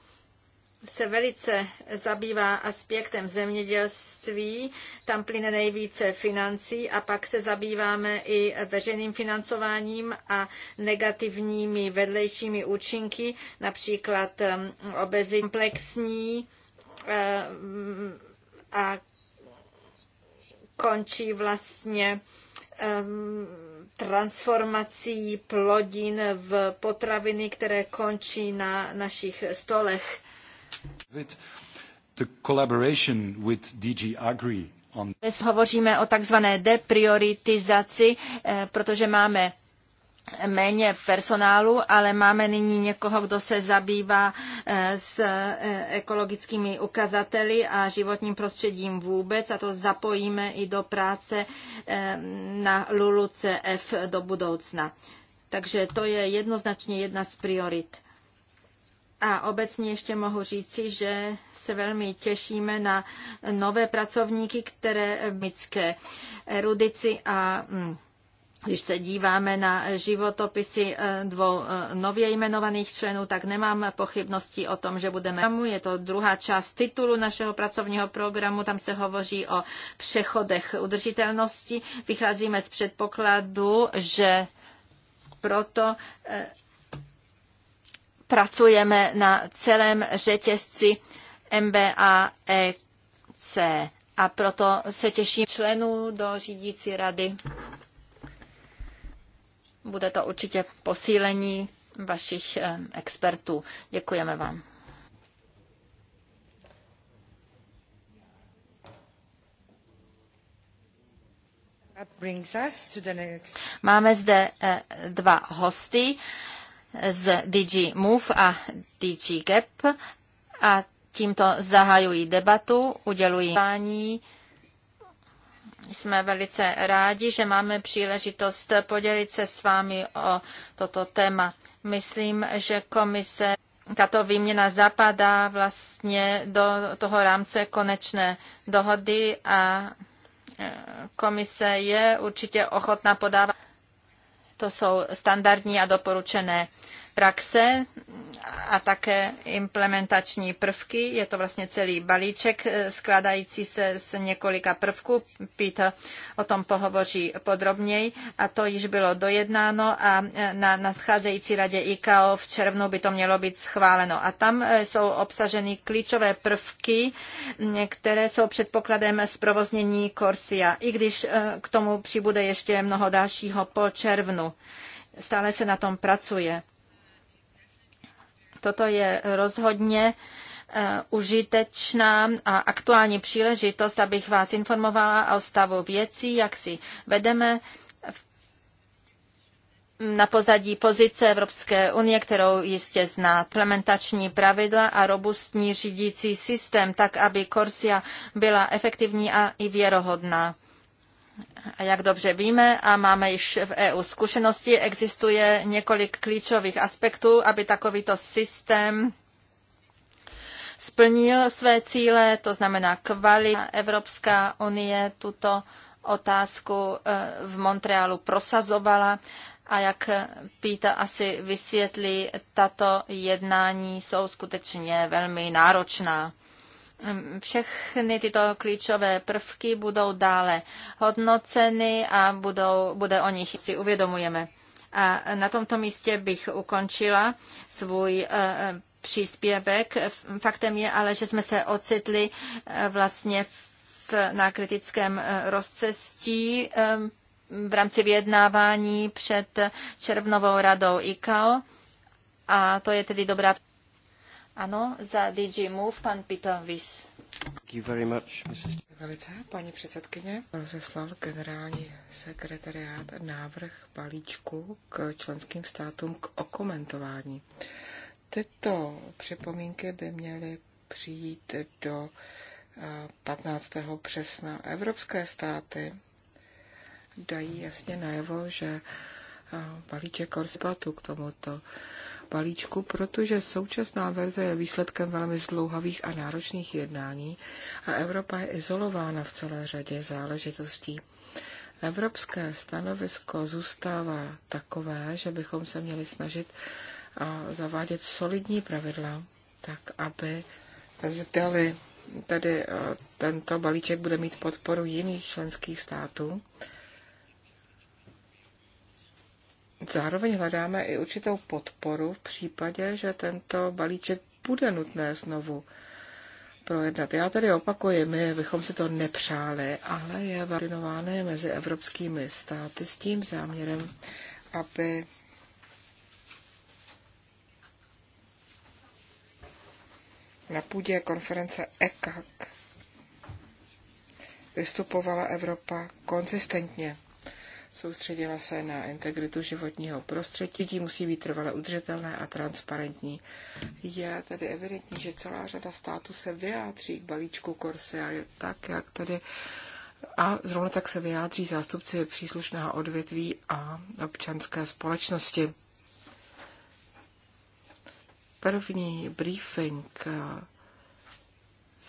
se velice zabývá aspektem zemědělství, tam plyne nejvíce financí a pak se zabýváme i veřejným financováním a negativními vedlejšími účinky, například um, obezí komplexní eh, a končí vlastně eh, transformací plodin v potraviny, které končí na našich stolech. Dnes hovoříme o takzvané deprioritizaci, eh, protože máme méně personálu, ale máme nyní někoho, kdo se zabývá eh, s eh, ekologickými ukazateli a životním prostředím vůbec a to zapojíme i do práce na LULU CF do budoucna. Takže to je jednoznačně jedna z priorit. A obecně ještě mohu říci, že se velmi těšíme na nové pracovníky, které mické erudici a mm, když se díváme na životopisy eh, dvou eh, nově jmenovaných členů, tak nemám pochybnosti o tom, že budeme. Je to druhá část titulu našeho pracovního programu, tam se hovoří o přechodech udržitelnosti. Vycházíme z předpokladu, že proto eh, pracujeme na celém řetězci MBAEC a proto se těším členů do řídící rady. Bude to určitě posílení vašich expertů. Děkujeme vám. Máme zde e, dva hosty z DG Move a DG Gap a tímto zahajují debatu, udělují pání. Jsme velice rádi, že máme příležitost podělit se s vámi o toto téma. Myslím, že komise tato výměna zapadá vlastně do toho rámce konečné dohody a e, komise je určitě ochotná podávat to jsou standardní a doporučené praxe a také implementační prvky. Je to vlastně celý balíček eh, skládající se z několika prvků. Peter o tom pohovoří podrobněji a to již bylo dojednáno a eh, na nadcházející radě ICAO v červnu by to mělo být schváleno. A tam eh, jsou obsaženy klíčové prvky, mm, které jsou předpokladem zprovoznění Corsia, i když k tomu přibude ještě mnoho dalšího po červnu. Stále se na tom pracuje. Toto je rozhodně eh, užitečná a aktuální příležitost, abych vás informovala o stavu věcí, jak si vedeme na pozadí pozice Evropské unie, kterou jistě zná, implementační pravidla a robustní řídící systém, tak aby Korsia byla efektivní a i věrohodná. A jak dobře víme a máme již v EU zkušenosti, existuje několik klíčových aspektů, aby takovýto systém splnil své cíle, to znamená kvalita. Evropská unie tuto otázku e, v Montrealu prosazovala a jak Píta asi vysvětlí, tato jednání jsou skutečně velmi náročná. Všechny tyto klíčové prvky budou dále hodnoceny a budou, bude o nich si uvědomujeme. A na tomto místě bych ukončila svůj eh, příspěvek. Faktem je ale, že jsme se ocitli eh, vlastně v, na kritickém eh, rozcestí v rámci vyjednávání před červnovou radou ICAO a to je tedy dobrá ano, za DG Move pan Peter Viss.
Velice, paní předsedkyně, rozeslal generální sekretariát návrh balíčku k členským státům k okomentování. Tyto připomínky by měly přijít do 15. Eh, přesna. Evropské státy dají jasně najevo, že eh, balíček korzbatu k tomuto balíčku, protože současná verze je výsledkem velmi zdlouhavých a náročných jednání a Evropa je izolována v celé řadě záležitostí. Evropské stanovisko zůstává takové, že bychom se měli snažit zavádět solidní pravidla, tak aby zdali tedy tento balíček bude mít podporu jiných členských států, zároveň hledáme i určitou podporu v případě, že tento balíček bude nutné znovu projednat. Já tedy opakuji, my bychom si to nepřáli, ale je koordinované mezi evropskými státy s tím záměrem, aby na půdě konference ECAC vystupovala Evropa konzistentně soustředila se na integritu životního prostředí, tí musí být trvale udržitelné a transparentní. Je tady evidentní, že celá řada států se vyjádří k balíčku je tak, jak tady a zrovna tak se vyjádří zástupci příslušného odvětví a občanské společnosti. První briefing eh,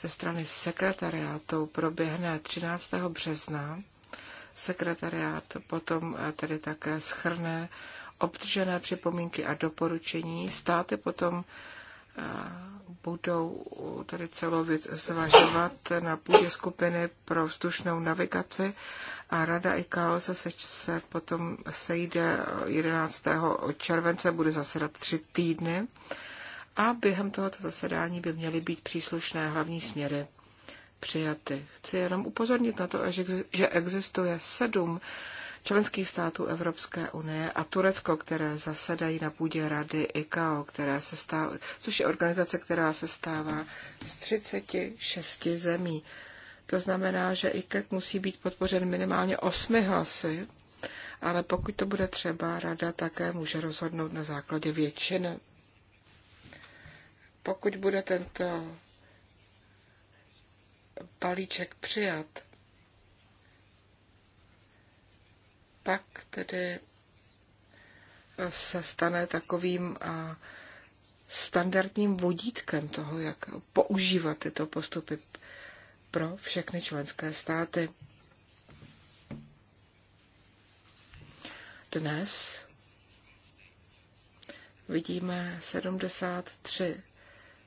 ze strany sekretariátu proběhne 13. března Sekretariát potom eh, tedy také schrne obdržené připomínky a doporučení. Státy potom eh, budou eh, tady celou věc zvažovat na půdě skupiny pro vzdušnou navigaci a Rada ICAO se, se, se potom sejde 11. července, bude zasedat tři týdny a během tohoto zasedání by měly být příslušné hlavní směry přijaty. Chci jenom upozornit na to, že existuje sedm členských států Evropské unie a Turecko, které zasedají na půdě rady ICAO, která se stává, což je organizace, která se stává z 36 zemí. To znamená, že ICAC musí být podpořen minimálně osmi hlasy, ale pokud to bude třeba, rada také může rozhodnout na základě většiny. Pokud bude tento balíček přijat, pak tedy se stane takovým standardním vodítkem toho, jak používat tyto postupy pro všechny členské státy. Dnes vidíme 73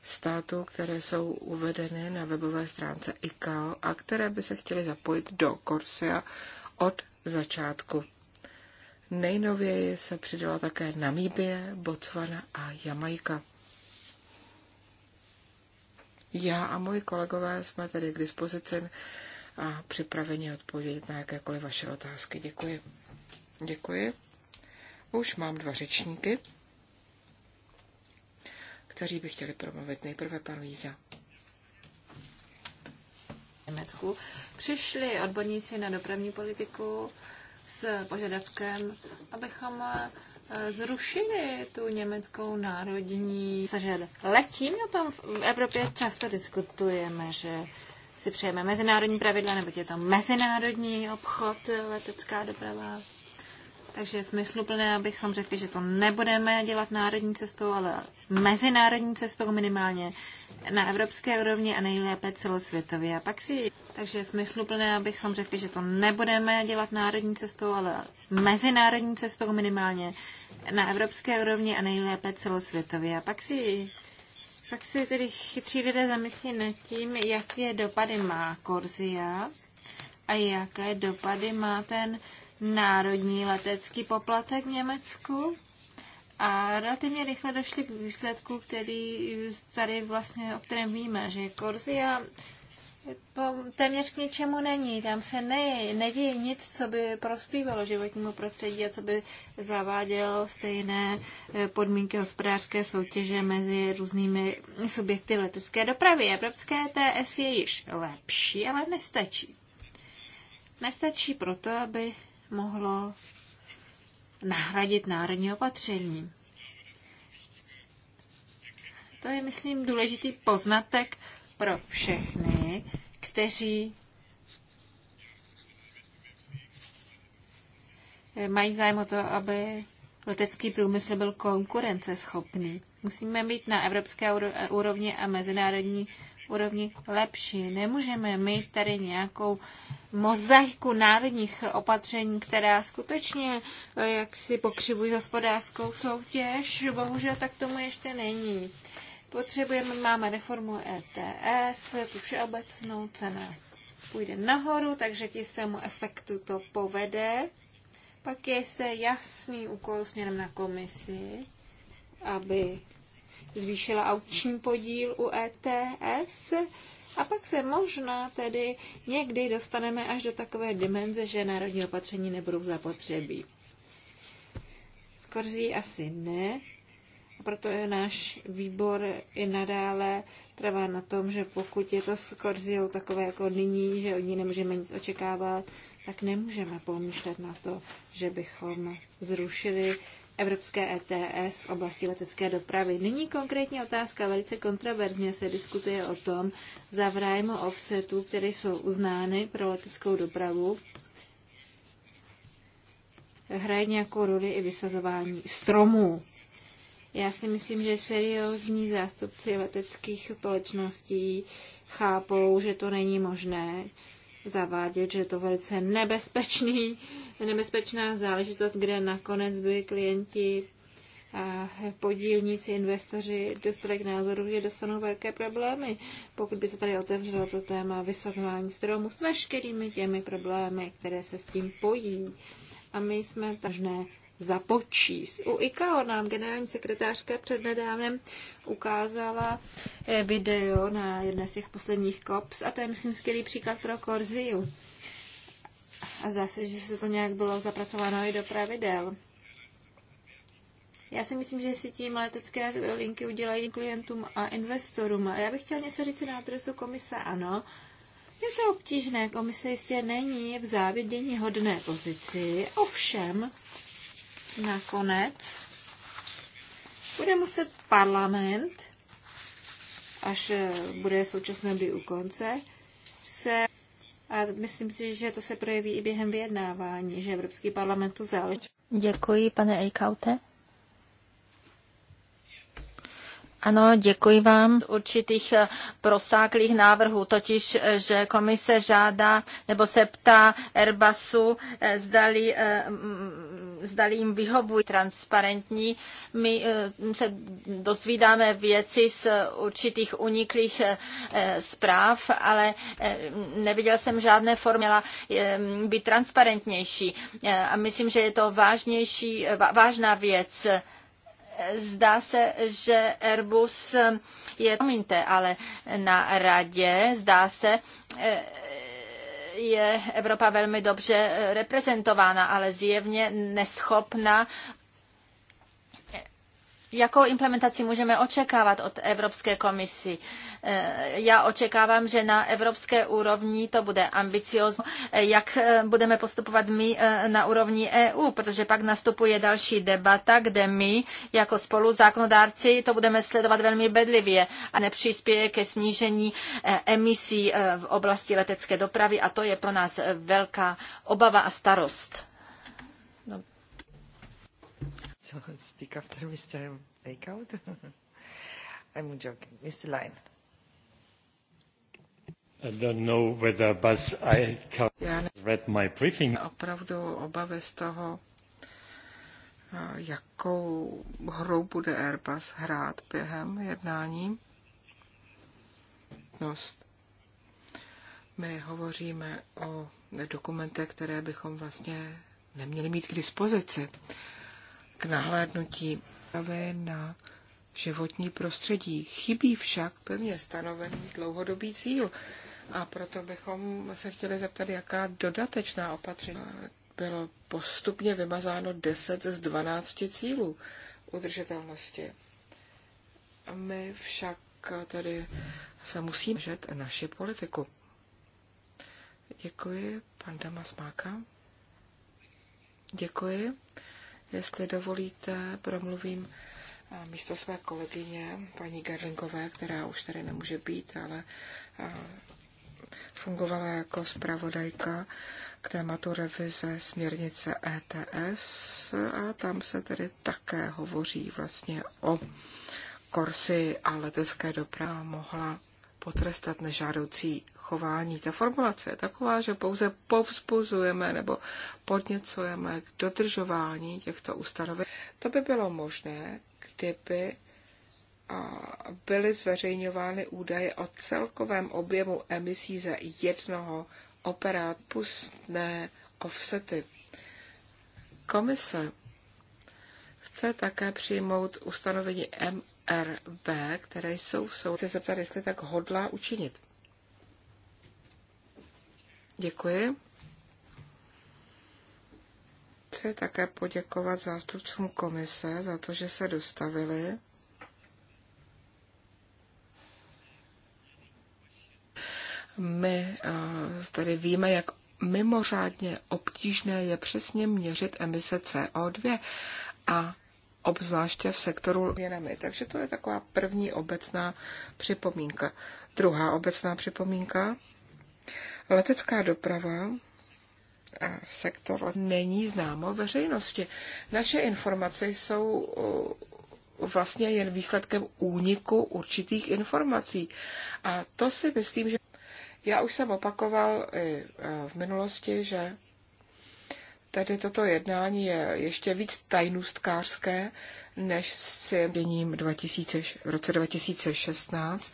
států, které jsou uvedeny na webové stránce ICAO a které by se chtěly zapojit do Corsia od začátku. Nejnověji se přidala také Namíbie, Botswana a Jamaika. Já a moji kolegové jsme tedy k dispozici a připraveni odpovědět na jakékoliv vaše otázky. Děkuji. Děkuji. Už mám dva řečníky kteří by chtěli promluvit. Nejprve pan Líza.
Německu přišli odborníci na dopravní politiku s požadavkem, abychom eh, zrušili tu německou národní sažer. Letím o tom v Evropě často diskutujeme, že si přejeme mezinárodní pravidla, nebo je to mezinárodní obchod, letecká doprava. Takže je smysluplné, abychom řekli, že to nebudeme dělat národní cestou, ale mezinárodní cestou minimálně na evropské úrovni a nejlépe celosvětově. A pak si, takže je smysluplné, abychom řekli, že to nebudeme dělat národní cestou, ale mezinárodní cestou minimálně na evropské úrovni a nejlépe celosvětově. A pak si pak si tedy chytří lidé zamyslí nad tím, jaké dopady má Korzia a jaké dopady má ten národní letecký poplatek v Německu a relativně rychle došli k výsledku, který tady vlastně, o kterém víme, že Korzia téměř k ničemu není. Tam se ne, neděje nic, co by prospívalo životnímu prostředí a co by zavádělo stejné eh, podmínky hospodářské soutěže mezi různými subjekty letecké dopravy. Evropské e TS je již lepší, ale nestačí. Nestačí proto, aby mohlo nahradit národní opatření. To je, myslím, důležitý poznatek pro všechny, kteří mají zájem o to, aby letecký průmysl byl konkurenceschopný. Musíme být na evropské úrovni a mezinárodní úrovni lepší. Nemůžeme mít tady nějakou mozaiku národních opatření, která skutečně eh, jak si pokřivují hospodářskou soutěž. Bohužel tak tomu ještě není. Potřebujeme, máme reformu ETS, tu všeobecnou cena půjde nahoru, takže k jistému efektu to povede. Pak je se jasný úkol směrem na komisi, aby zvýšila aukční podíl u ETS. A pak se možná tedy někdy dostaneme až do takové dimenze, že národní opatření nebudou zapotřebí. Skorzí asi ne, a proto je náš výbor i nadále trvá na tom, že pokud je to s takové jako nyní, že od ní nemůžeme nic očekávat, tak nemůžeme pomýšlet na to, že bychom zrušili Evropské ETS v oblasti letecké dopravy. Nyní konkrétně otázka velice kontroverzně se diskutuje o tom, za vrájmo offsetů, které jsou uznány pro leteckou dopravu, hraje nějakou roli i vysazování stromů. Já si myslím, že seriózní zástupci leteckých společností chápou, že to není možné, zavádět, že je to velice nebezpečný, nebezpečná záležitost, kde nakonec by klienti a podílníci, investoři dospěli k názoru, že dostanou velké problémy, pokud by se tady otevřelo to téma vysazování stromů s veškerými těmi problémy, které se s tím pojí. A my jsme tažné započíst. U ICAO nám generální sekretářka přednedávnem ukázala eh, video na jedné z těch posledních COPS a to je, myslím, skvělý příklad pro Korziu. A zase, že se to nějak bylo zapracováno i do pravidel. Já si myslím, že si tím letecké linky udělají klientům a investorům. A já bych chtěla něco říct na adresu komise, ano. Je to obtížné, komise jistě není v závědění hodné pozici, ovšem nakonec bude muset parlament, až eh, bude současné by u konce, se a myslím si, že to se projeví i během vyjednávání, že Evropský parlament tu záleží.
Děkuji, pane Eikaute. Ano, děkuji vám.
Určitých eh, prosáklých
návrhů, totiž, eh, že komise žádá nebo se ptá Airbusu, eh, zdali, mm, zdali jim vyhovují transparentní. My se dozvídáme věci z určitých uniklých zpráv, ale neviděl jsem žádné formula být transparentnější. A myslím, že je to vážnější, vážná věc zdá se, že Airbus je, promiňte, ale na radě zdá se, e, je Evropa velmi dobře reprezentována, ale zjevně neschopna Jakou implementaci můžeme očekávat od Evropské komisi? Eh, já očekávám, že na evropské úrovni to bude ambiciozní, jak eh, budeme postupovat my eh, na úrovni EU, protože pak nastupuje další debata, kde my jako spolu zákonodárci to budeme sledovat velmi bedlivě a nepřispěje ke snížení emisí v oblasti letecké dopravy a to je pro nás velká obava a starost
so speak after Mr. Eickhout. I'm joking. Mr. Lyon. I don't know whether Buzz Eickhout read my briefing. Opravdu obavy z toho, jakou hrou bude Airbus hrát během jednání. My hovoříme o dokumentech, které bychom vlastně neměli mít k dispozici k nahlédnutí právě na životní prostředí. Chybí však pevně stanovený dlouhodobý cíl. A proto bychom se chtěli zeptat, jaká dodatečná opatření bylo postupně vymazáno 10 z 12 cílů udržitelnosti. My však tady se musíme žet naši politiku. Děkuji, pan Damas Máka. Děkuji. Jestli dovolíte, promluvím eh, místo své kolegyně, paní Gerlingové, která už tady nemůže být, ale eh, fungovala jako zpravodajka k tématu revize směrnice ETS a tam se tedy také hovoří vlastně o korsy a letecké doprava mohla potrestat nežádoucí chování. Ta formulace je taková, že pouze povzbuzujeme nebo podněcujeme k dodržování těchto ustanovení. To by bylo možné, kdyby byly zveřejňovány údaje o celkovém objemu emisí za jednoho operát pustné offsety. Komise chce také přijmout ustanovení MRV, které jsou v Se zeptat, jestli tak hodlá učinit. Děkuji. Chci také poděkovat zástupcům komise za to, že se dostavili. My eh, tady víme, jak mimořádně obtížné je přesně měřit emise CO2 a obzvláště v sektoru jenami. Takže to je taková první obecná připomínka. Druhá obecná připomínka. Letecká doprava a sektor není známo veřejnosti. Naše informace jsou uh, vlastně jen výsledkem úniku určitých informací. A to si myslím, že já už jsem opakoval i eh, v minulosti, že Tedy toto jednání je ještě víc tajnůstkářské než s děním v roce 2016.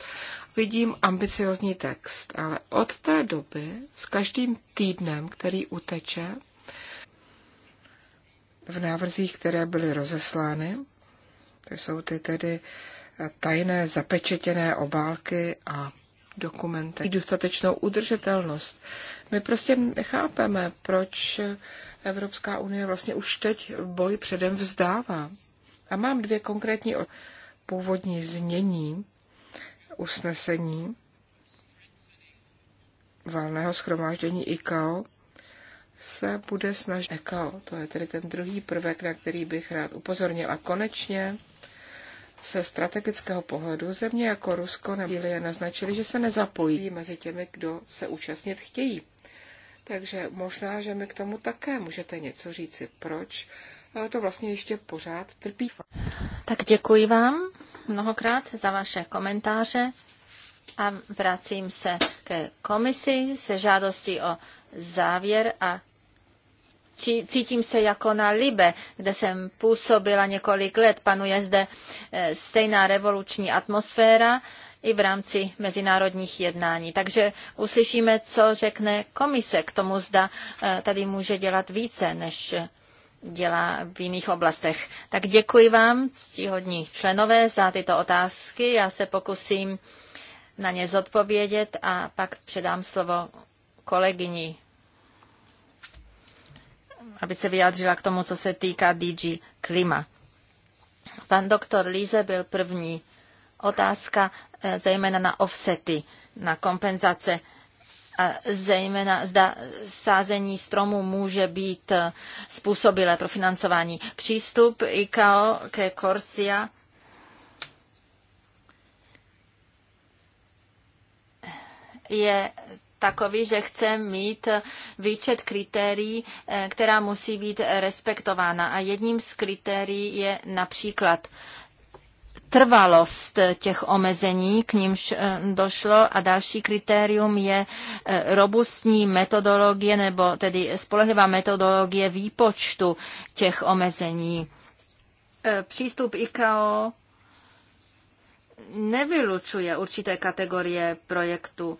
Vidím ambiciozní text, ale od té doby s každým týdnem, který uteče, v návrzích, které byly rozeslány, to jsou ty tedy tajné zapečetěné obálky a dokumenty, dostatečnou udržitelnost. My prostě nechápeme, proč Evropská unie vlastně už teď boj předem vzdává. A mám dvě konkrétní původní znění usnesení valného schromáždění ICAO se bude snažit ECAO. To je tedy ten druhý prvek, na který bych rád upozornil. A konečně se strategického pohledu země jako Rusko nebo Bílie naznačili, že se nezapojí mezi těmi, kdo se účastnit chtějí takže možná, že mi k tomu také můžete něco říci. Proč eh, to vlastně ještě pořád trpí?
Tak děkuji vám mnohokrát za vaše komentáře a vracím se ke komisi se žádostí o závěr a cítím se jako na Libe, kde jsem působila několik let. Panuje zde eh, stejná revoluční atmosféra i v rámci mezinárodních jednání. Takže uslyšíme, co řekne komise k tomu, zda eh, tady může dělat více, než dělá v jiných oblastech. Tak děkuji vám, ctihodní členové, za tyto otázky. Já se pokusím na ně zodpovědět a pak předám slovo kolegyni, aby se vyjádřila k tomu, co se týká DG Klima. Pan doktor Líze byl první otázka eh, zejména na offsety, na kompenzace a zejména zda sázení stromů může být eh, způsobilé pro financování. Přístup IKO ke Corsia je takový, že chce mít výčet kritérií, eh, která musí být respektována. A jedním z kritérií je například trvalost těch omezení, k nímž eh, došlo a další kritérium je eh, robustní metodologie nebo tedy spolehlivá metodologie výpočtu těch omezení. Eh, přístup ICAO nevylučuje určité kategorie projektu.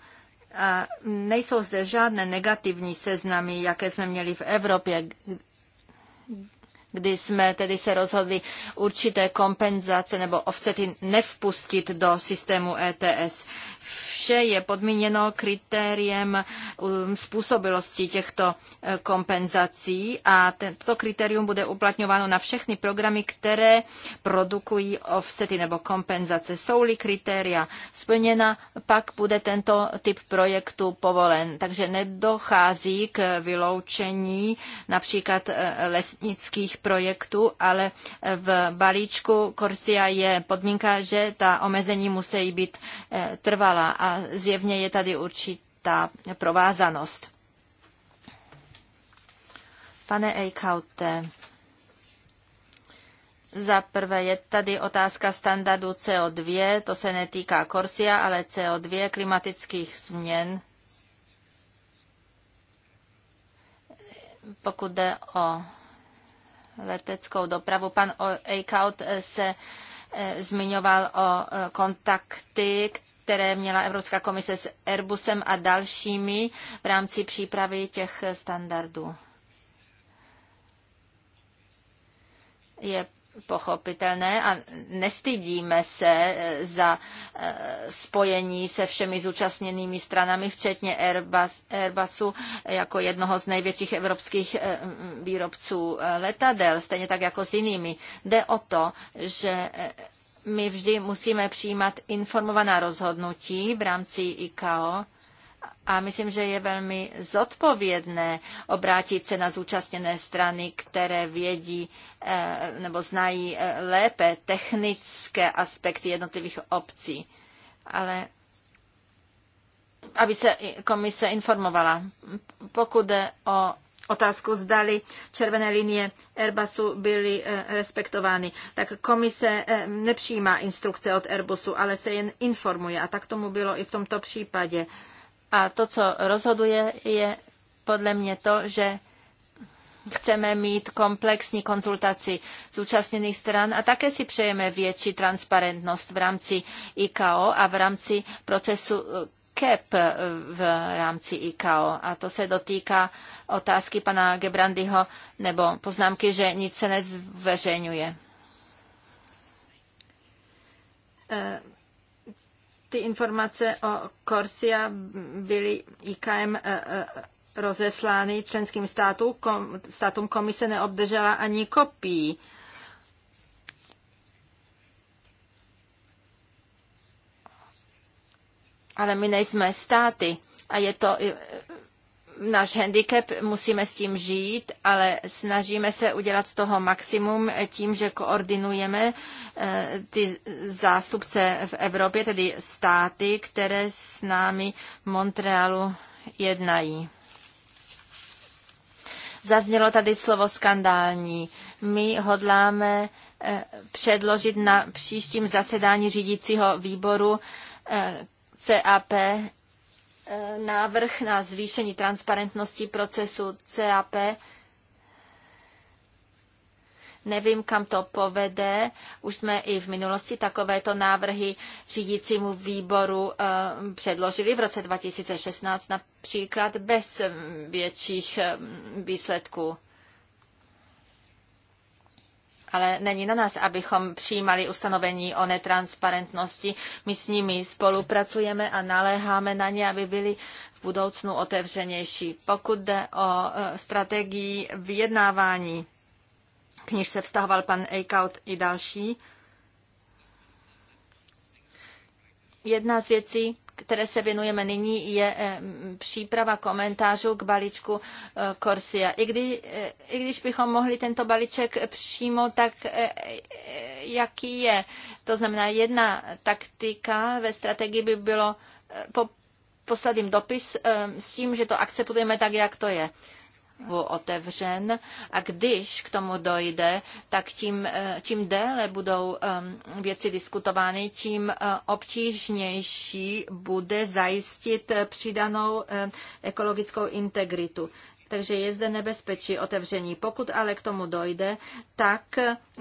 A nejsou zde žádné negativní seznamy, jaké jsme měli v Evropě, kdy jsme tedy se rozhodli určité kompenzace nebo offsety nevpustit do systému ETS. V vše je podmíněno kritériem um, způsobilosti těchto eh, kompenzací a toto kritérium bude uplatňováno na všechny programy, které produkují offsety nebo kompenzace. Jsou-li kritéria splněna, pak bude tento typ projektu povolen. Takže nedochází k vyloučení například eh, lesnických projektů, ale eh, v balíčku Korsia je podmínka, že ta omezení musí být trvalá a zjevně je tady určitá provázanost. Pane Eichaute, za prvé je tady otázka standardu CO2, to se netýká Korsia, ale CO2 klimatických změn. Pokud jde o leteckou dopravu, pan Eichaut se eh, zmiňoval o eh, kontakty, které měla Evropská komise s Airbusem a dalšími v rámci přípravy těch standardů. Je pochopitelné a nestydíme se eh, za eh, spojení se všemi zúčastněnými stranami, včetně Airbus, Airbusu jako jednoho z největších evropských eh, výrobců letadel, stejně tak jako s jinými. Jde o to, že my vždy musíme přijímat informovaná rozhodnutí v rámci ICAO a myslím, že je velmi zodpovědné obrátit se na zúčastněné strany, které vědí eh, nebo znají eh, lépe technické aspekty jednotlivých obcí. Ale aby se komise informovala. Pokud jde o otázku, zdali červené linie Airbusu byly eh, respektovány. Tak komise eh, nepřijímá instrukce od Airbusu, ale se jen informuje a tak tomu bylo i v tomto případě. A to, co rozhoduje, je podle mě to, že chceme mít komplexní konzultaci zúčastněných stran a také si přejeme větší transparentnost v rámci IKO a v rámci procesu eh, CAP eh, v rámci ICAO a to se dotýká otázky pana Gebrandyho nebo poznámky, že nic se nezveřejňuje. Eh, ty informace o Corsia byly IKM eh, rozeslány členským státům. Státům komise neobdržela ani kopii ale my nejsme státy a je to e, náš handicap, musíme s tím žít, ale snažíme se udělat z toho maximum tím, že koordinujeme e, ty zástupce v Evropě, tedy státy, které s námi v Montrealu jednají. Zaznělo tady slovo skandální. My hodláme e, předložit na příštím zasedání řídícího výboru CAP eh, návrh na zvýšení transparentnosti procesu CAP. Nevím, kam to povede. Už jsme i v minulosti takovéto návrhy řídícímu výboru eh, předložili v roce 2016 například bez mm, větších eh, mm, výsledků ale není na nás, abychom přijímali ustanovení o netransparentnosti. My s nimi spolupracujeme a naléháme na ně, aby byli v budoucnu otevřenější. Pokud jde o e, strategii vyjednávání, k níž se vztahoval pan Eichhout i další, jedna z věcí, které se věnujeme nyní, je eh, příprava komentářů k balíčku eh, Corsia. I, kdy, eh, I když bychom mohli tento balíček přímo, tak jaký je? To znamená, jedna taktika ve strategii by bylo po, poslat jim dopis s tím, že to akceptujeme tak, jak to je otevřen a když k tomu dojde, tak tím, eh, čím déle budou ehm, věci diskutovány, tím eh, obtížnější bude zajistit eh, přidanou ekologickou integritu takže je zde nebezpečí otevření. Pokud ale k tomu dojde, tak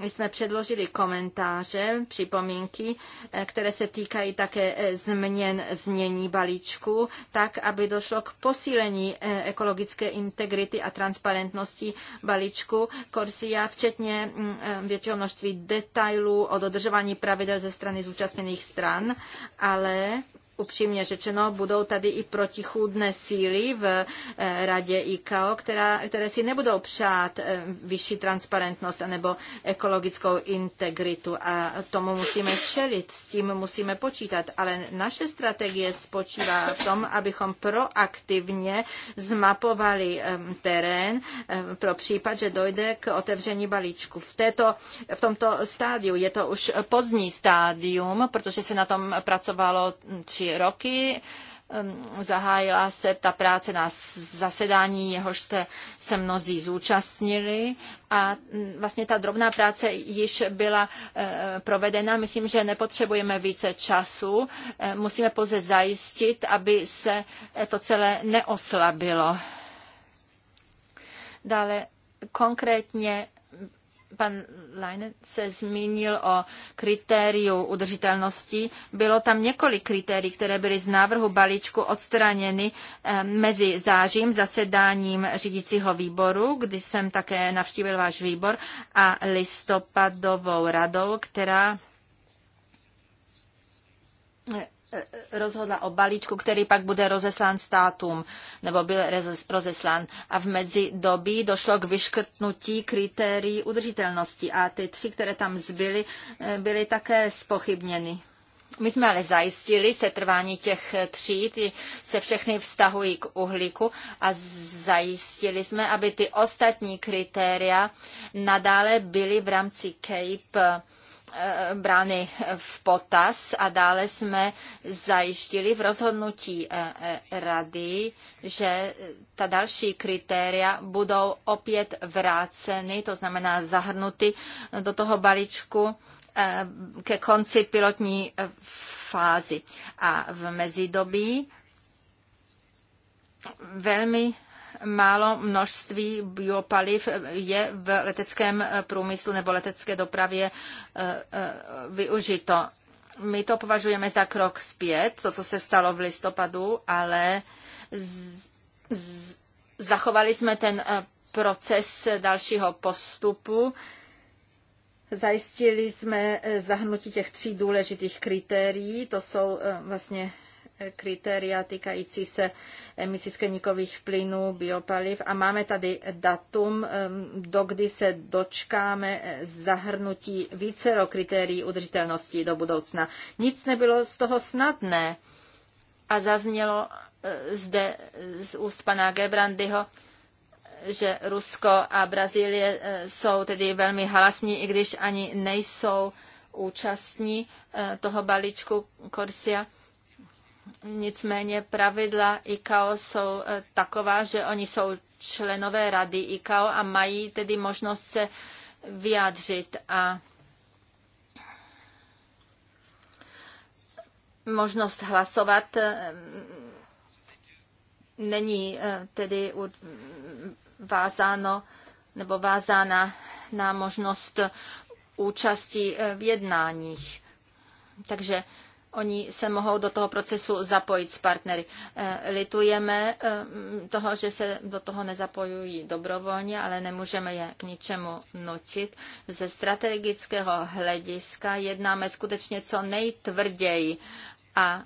jsme předložili komentáře, připomínky, eh, které se týkají také eh, změn znění balíčku, tak, aby došlo k posílení eh, ekologické integrity a transparentnosti balíčku Corsia, včetně mm, většího množství detailů o dodržování pravidel ze strany zúčastněných stran, ale upřímně řečeno, budou tady i protichůdné síly v eh, radě ICAO, která, které si nebudou přát eh, vyšší transparentnost anebo ekologickou integritu a tomu musíme čelit, s tím musíme počítat, ale naše strategie spočívá v tom, abychom proaktivně zmapovali eh, terén pro případ, že dojde k otevření balíčku. V, této, v tomto stádiu je to už pozdní stádium, protože se na tom pracovalo tři tři roky. Zahájila se ta práce na zasedání, jehož jste se mnozí zúčastnili a mm, vlastně ta drobná práce již byla e, provedena. Myslím, že nepotřebujeme více času. E, musíme pouze zajistit, aby se e, to celé neoslabilo. Dále konkrétně pan Leine se zmínil o kritériu udržitelnosti. Bylo tam několik kritérií, které byly z návrhu balíčku odstraněny eh, mezi zářím, zasedáním řídícího výboru, kdy jsem také navštívil váš výbor, a listopadovou radou, která eh, rozhodla o balíčku, který pak bude rozeslán státům, nebo byl rozeslán. A v mezidobí došlo k vyškrtnutí kritérií udržitelnosti a ty tři, které tam zbyly, eh, byly také spochybněny. My jsme ale zajistili setrvání těch tří, ty se všechny vztahují k uhlíku a zajistili jsme, aby ty ostatní kritéria nadále byly v rámci CAPE Eh, brány v potaz a dále jsme zajištili v rozhodnutí eh, eh, rady, že ta další kritéria budou opět vráceny, to znamená zahrnuty do toho balíčku ke konci pilotní fázy. A v mezidobí velmi málo množství biopaliv je v leteckém průmyslu nebo letecké dopravě eh, eh, využito. My to považujeme za krok zpět, to, co se stalo v listopadu, ale z, z, zachovali jsme ten eh, proces dalšího postupu. Zajistili jsme zahrnutí těch tří důležitých kritérií, to jsou vlastně kritéria týkající se emisí skleníkových plynů, biopaliv a máme tady datum, dokdy se dočkáme zahrnutí vícero kritérií udržitelnosti do budoucna. Nic nebylo z toho snadné a zaznělo e, zde z úst pana Gebrandyho, že Rusko a Brazílie e, jsou tedy velmi halasní, i když ani nejsou účastní e, toho balíčku Korsia. Nicméně pravidla ICAO jsou eh, taková, že oni jsou členové rady ICAO a mají tedy možnost se vyjádřit a možnost hlasovat eh, není eh, tedy vázáno nebo vázána na možnost účasti v jednáních. Takže oni se mohou do toho procesu zapojit s partnery. Eh, litujeme eh, toho, že se do toho nezapojují dobrovolně, ale nemůžeme je k ničemu nutit. Ze strategického hlediska jednáme skutečně co nejtvrději a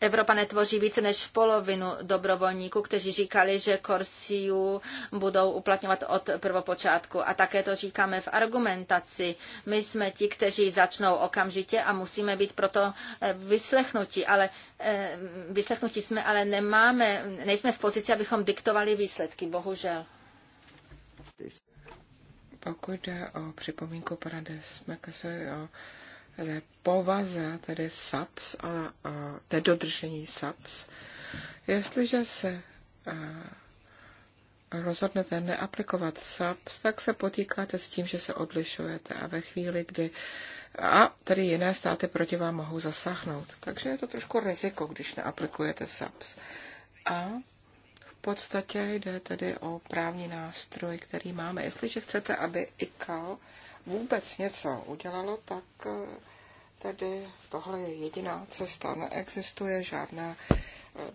Evropa netvoří více než polovinu dobrovolníků, kteří říkali, že Korsiu budou uplatňovat od prvopočátku. A také to říkáme v argumentaci. My jsme ti, kteří začnou okamžitě a musíme být proto eh, vyslechnuti, ale eh, vyslechnutí jsme, ale nemáme, nejsme v pozici, abychom diktovali výsledky, bohužel.
Pokud jde o připomínku pana Desmekase o té povaze, tedy SAPS a, a nedodržení SAPS, jestliže se a, rozhodnete neaplikovat SAPS, tak se potýkáte s tím, že se odlišujete a ve chvíli, kdy a tedy jiné státy proti vám mohou zasáhnout. Takže je to trošku riziko, když neaplikujete SAPS. A v podstatě jde tedy o právní nástroj, který máme. Jestliže chcete, aby ICAO vůbec něco udělalo, tak eh, tedy tohle je jediná cesta. Neexistuje žádná eh,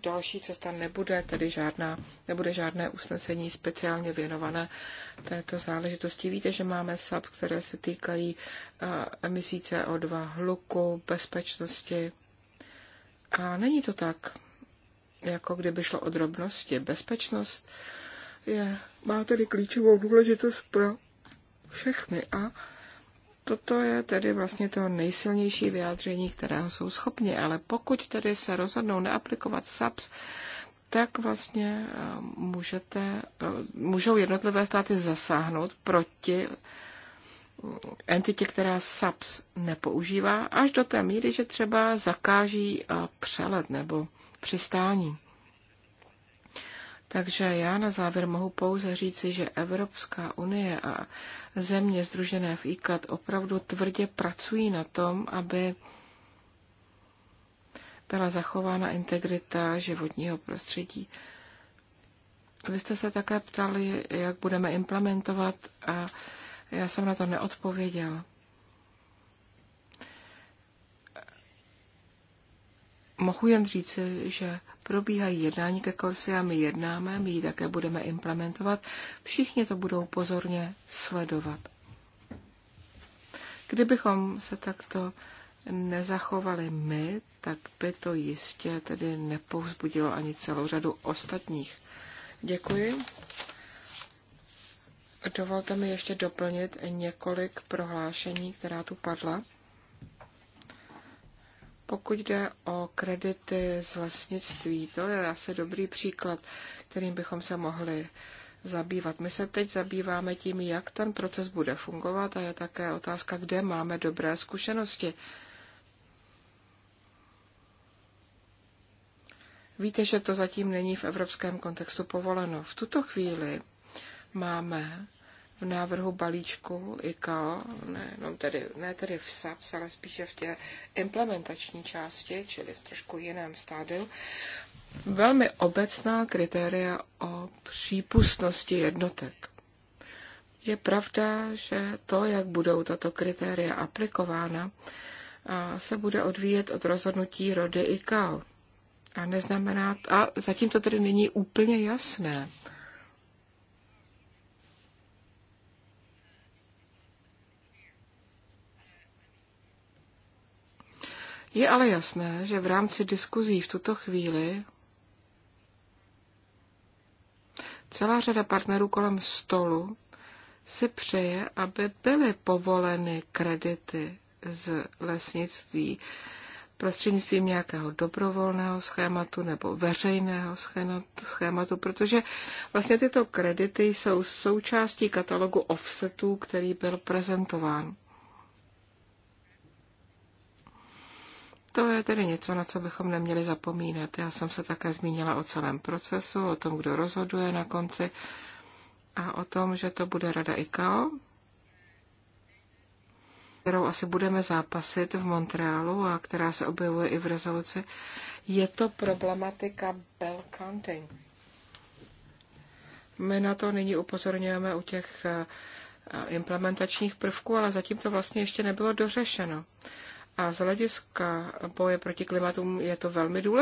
další cesta, nebude tedy žádná, nebude žádné usnesení speciálně věnované této záležitosti. Víte, že máme SAP, které se týkají eh, emisí CO2, hluku, bezpečnosti. A není to tak, jako kdyby šlo o drobnosti. Bezpečnost je, má tedy klíčovou důležitost pro všechny. A toto je tedy vlastně to nejsilnější vyjádření, kterého jsou schopni. Ale pokud tedy se rozhodnou neaplikovat SAPS, tak vlastně eh, můžete, eh, můžou jednotlivé státy zasáhnout proti eh, entitě, která SAPS nepoužívá, až do té míry, že třeba zakáží přelet nebo přistání. Takže já na závěr mohu pouze říci, že Evropská unie a země združené v ICAT opravdu tvrdě pracují na tom, aby byla zachována integrita životního prostředí. Vy jste se také ptali, jak budeme implementovat a já jsem na to neodpověděl. Mohu jen říci, že probíhají jednání ke Korsi a my jednáme, my ji také budeme implementovat. Všichni to budou pozorně sledovat. Kdybychom se takto nezachovali my, tak by to jistě tedy nepovzbudilo ani celou řadu ostatních. Děkuji. Dovolte mi ještě doplnit několik prohlášení, která tu padla. Pokud jde o kredity z vlastnictví, to je asi dobrý příklad, kterým bychom se mohli zabývat. My se teď zabýváme tím, jak ten proces bude fungovat a je také otázka, kde máme dobré zkušenosti. Víte, že to zatím není v evropském kontextu povoleno. V tuto chvíli máme návrhu balíčku ICAO, ne, no tedy, ne tedy v SAPS, ale spíše v té implementační části, čili v trošku jiném stádiu, velmi obecná kritéria o přípustnosti jednotek. Je pravda, že to, jak budou tato kritéria aplikována, se bude odvíjet od rozhodnutí rody ICAO. A neznamená, a zatím to tedy není úplně jasné, Je ale jasné, že v rámci diskuzí v tuto chvíli celá řada partnerů kolem stolu si přeje, aby byly povoleny kredity z lesnictví prostřednictvím nějakého dobrovolného schématu nebo veřejného schématu, protože vlastně tyto kredity jsou součástí katalogu offsetů, který byl prezentován. To je tedy něco, na co bychom neměli zapomínat. Já jsem se také zmínila o celém procesu, o tom, kdo rozhoduje na konci a o tom, že to bude Rada ICAO, kterou asi budeme zápasit v Montrealu a která se objevuje i v rezoluci, je to problematika bell counting. My na to nyní upozorňujeme u těch eh, implementačních prvků, ale zatím to vlastně ještě nebylo dořešeno. A z hlediska boje proti klimatům je to velmi důležité.